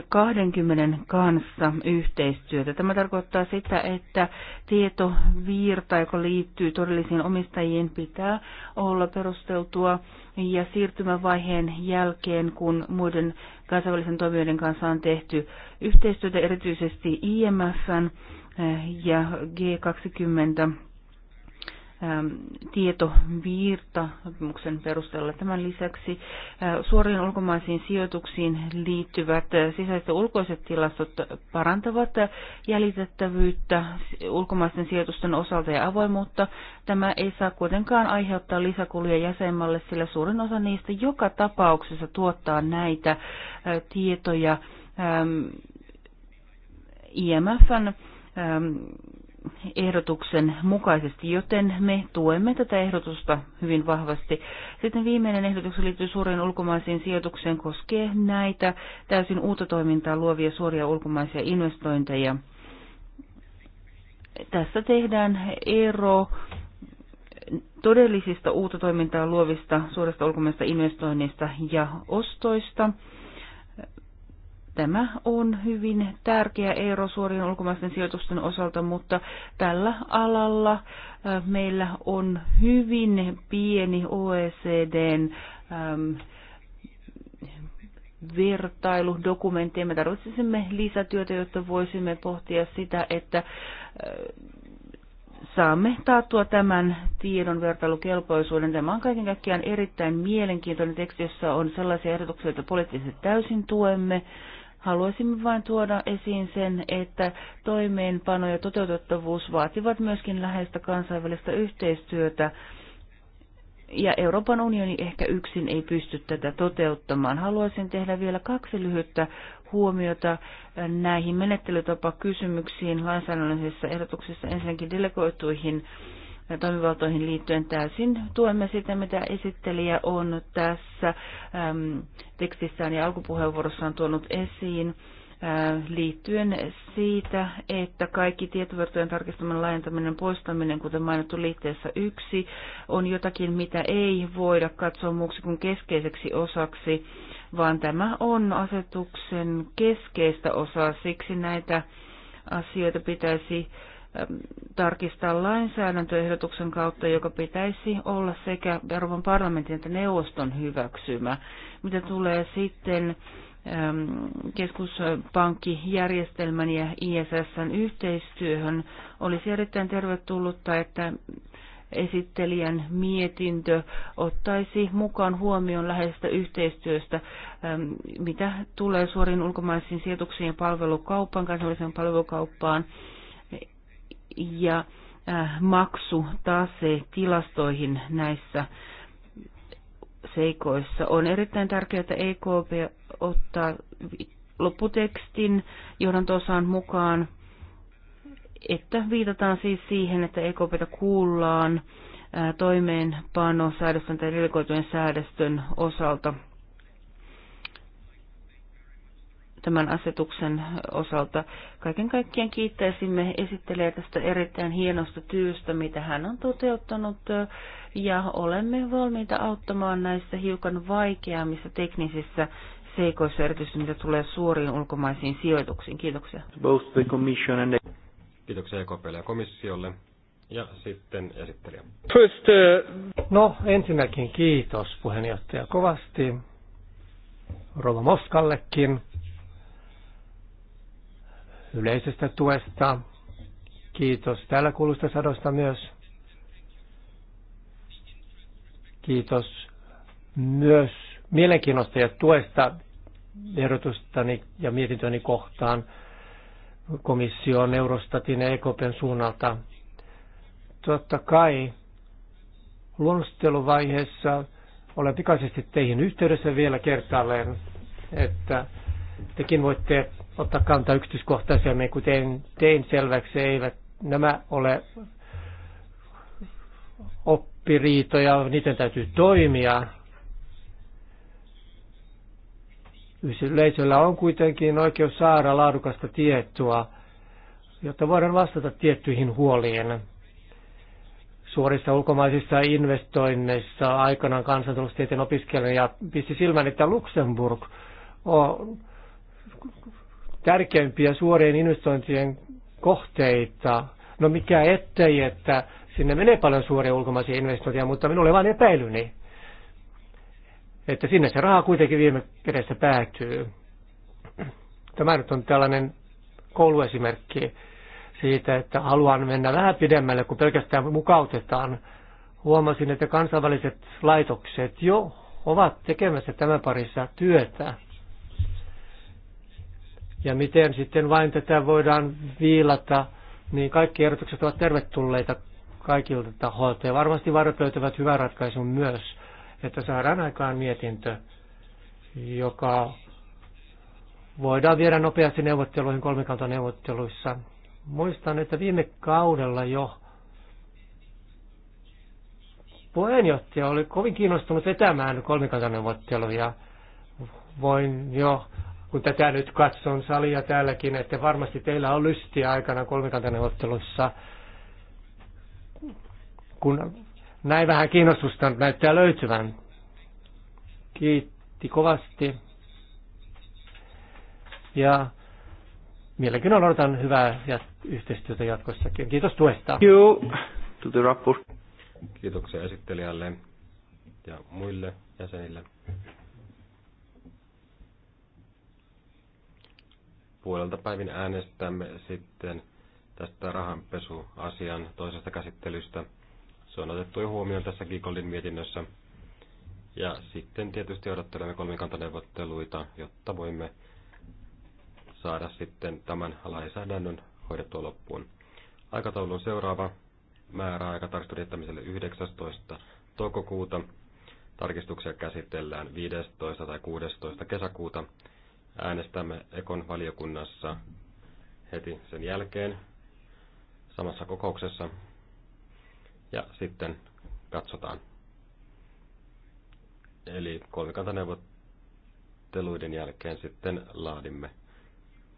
20 kanssa yhteistyötä. Tämä tarkoittaa sitä, että tietovirta, joka liittyy todellisiin omistajiin, pitää olla perusteltua ja siirtymävaiheen jälkeen, kun muiden kansainvälisen toimijoiden kanssa on tehty yhteistyötä, erityisesti IMFn eh, ja G20 Ähm, tietovirta sopimuksen perusteella. Tämän lisäksi äh, suoriin ulkomaisiin sijoituksiin liittyvät äh, sisäiset ja ulkoiset tilastot parantavat äh, jäljitettävyyttä ulkomaisten sijoitusten osalta ja avoimuutta. Tämä ei saa kuitenkaan aiheuttaa lisäkuluja jäsenmalle, sillä suurin osa niistä joka tapauksessa tuottaa näitä tietoja ähm, IMFn ähm, ehdotuksen mukaisesti, joten me tuemme tätä ehdotusta hyvin vahvasti. Sitten viimeinen ehdotus liittyy suuriin ulkomaisiin sijoitukseen koskee näitä täysin uutta toimintaa luovia suoria ulkomaisia investointeja. Tässä tehdään ero todellisista uutta toimintaa luovista suorista ulkomaista investoinnista ja ostoista. Tämä on hyvin tärkeä ero suorien ulkomaisten sijoitusten osalta, mutta tällä alalla meillä on hyvin pieni OECDn vertailudokumentti. Me tarvitsisimme lisätyötä, jotta voisimme pohtia sitä, että saamme taattua tämän tiedon vertailukelpoisuuden. Tämä on kaiken kaikkiaan erittäin mielenkiintoinen teksti, jossa on sellaisia ehdotuksia, joita poliittisesti täysin tuemme. Haluaisimme vain tuoda esiin sen, että toimeenpano ja toteutettavuus vaativat myöskin läheistä kansainvälistä yhteistyötä, ja Euroopan unioni ehkä yksin ei pysty tätä toteuttamaan. Haluaisin tehdä vielä kaksi lyhyttä huomiota näihin menettelytapakysymyksiin lainsäädännöllisissä ehdotuksissa ensinnäkin delegoituihin toimivaltoihin liittyen täysin tuemme sitä, mitä esittelijä on tässä äm, tekstissään ja alkupuheenvuorossaan tuonut esiin äh, liittyen siitä, että kaikki tietovertojen tarkistaminen, laajentaminen, poistaminen, kuten mainittu liitteessä yksi, on jotakin, mitä ei voida katsoa muuksi kuin keskeiseksi osaksi, vaan tämä on asetuksen keskeistä osaa, siksi näitä asioita pitäisi tarkistaa lainsäädäntöehdotuksen kautta, joka pitäisi olla sekä Euroopan parlamentin että neuvoston hyväksymä. Mitä tulee sitten keskuspankkijärjestelmän ja ISSn yhteistyöhön, olisi erittäin tervetullutta, että esittelijän mietintö ottaisi mukaan huomioon läheisestä yhteistyöstä, mitä tulee suoriin ulkomaisiin sijoituksiin ja palvelukauppaan, kansainväliseen palvelukauppaan ja äh, maksutase tilastoihin näissä seikoissa. On erittäin tärkeää, että EKP ottaa lopputekstin johdantosaan mukaan, että viitataan siis siihen, että EKPtä kuullaan äh, toimeenpano säädösten tai delegoitujen säädösten osalta – tämän asetuksen osalta. Kaiken kaikkiaan kiittäisimme esittelijä tästä erittäin hienosta työstä, mitä hän on toteuttanut, ja olemme valmiita auttamaan näissä hiukan vaikeammissa teknisissä seikoissa, erityisesti mitä tulee suoriin ulkomaisiin sijoituksiin. Kiitoksia. Both the commission and the... Kiitoksia EKPlle ja komissiolle. Ja sitten esittelijä. First, uh... No ensinnäkin kiitos puheenjohtaja kovasti. Rova Moskallekin yleisestä tuesta. Kiitos täällä kuulusta sadosta myös. Kiitos myös mielenkiinnosta ja tuesta ehdotustani ja mietintöni kohtaan komission, Eurostatin ja EKPn suunnalta. Totta kai luonnosteluvaiheessa olen pikaisesti teihin yhteydessä vielä kertaalleen, että tekin voitte ottaa kantaa yksityiskohtaisemmin, kuten tein selväksi, eivät nämä ole oppiriitoja, niiden täytyy toimia. Yleisöllä on kuitenkin oikeus saada laadukasta tietoa, jotta voidaan vastata tiettyihin huoliin. Suorissa ulkomaisissa investoinneissa aikanaan kansantaloustieteen opiskelija, ja pisti silmän, että Luxemburg on tärkeimpiä suorien investointien kohteita. No mikä ettei, että sinne menee paljon suoria ulkomaisia investointeja, mutta minulla oli vain epäilyni, että sinne se raha kuitenkin viime kädessä päätyy. Tämä nyt on tällainen kouluesimerkki siitä, että haluan mennä vähän pidemmälle, kun pelkästään mukautetaan. Huomasin, että kansainväliset laitokset jo ovat tekemässä tämän parissa työtä ja miten sitten vain tätä voidaan viilata, niin kaikki ehdotukset ovat tervetulleita kaikilta taholta. Ja varmasti varat löytävät hyvän ratkaisun myös, että saadaan aikaan mietintö, joka voidaan viedä nopeasti neuvotteluihin kolmikantaneuvotteluissa. Muistan, että viime kaudella jo puheenjohtaja oli kovin kiinnostunut vetämään kolmikantaneuvotteluja. Voin jo kun tätä nyt katson salia täälläkin, että varmasti teillä on lystiä aikana kolmikantaneuvottelussa, kun näin vähän kiinnostusta näyttää löytyvän. Kiitti kovasti. Ja on odotan hyvää yhteistyötä jatkossakin. Kiitos tuesta. Kiitoksia esittelijälle ja muille jäsenille. puolelta päivin äänestämme sitten tästä rahanpesuasian toisesta käsittelystä. Se on otettu jo huomioon tässä Gigoldin mietinnössä. Ja sitten tietysti odottelemme kolmikantaneuvotteluita, jotta voimme saada sitten tämän lainsäädännön hoidettua loppuun. Aikataulu on seuraava määräaika tarkistudettamiselle 19. toukokuuta. Tarkistuksia käsitellään 15. tai 16. kesäkuuta Äänestämme Ekon valiokunnassa heti sen jälkeen samassa kokouksessa ja sitten katsotaan. Eli kolmikantaneuvotteluiden jälkeen sitten laadimme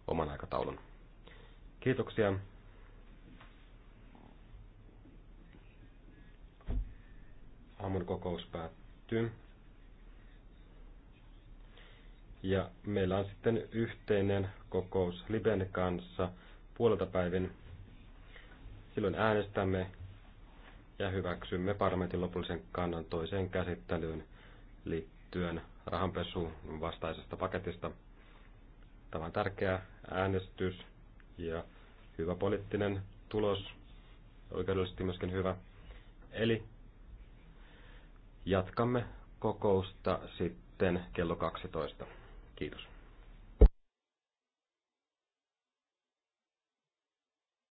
oman aikataulun. Kiitoksia. Aamun kokous päättyy. Ja meillä on sitten yhteinen kokous Liben kanssa puolelta päivin. Silloin äänestämme ja hyväksymme parlamentin lopullisen kannan toiseen käsittelyyn liittyen rahanpesuun vastaisesta paketista. Tämä on tärkeä äänestys ja hyvä poliittinen tulos, oikeudellisesti myöskin hyvä. Eli jatkamme kokousta sitten kello 12. Kiitos.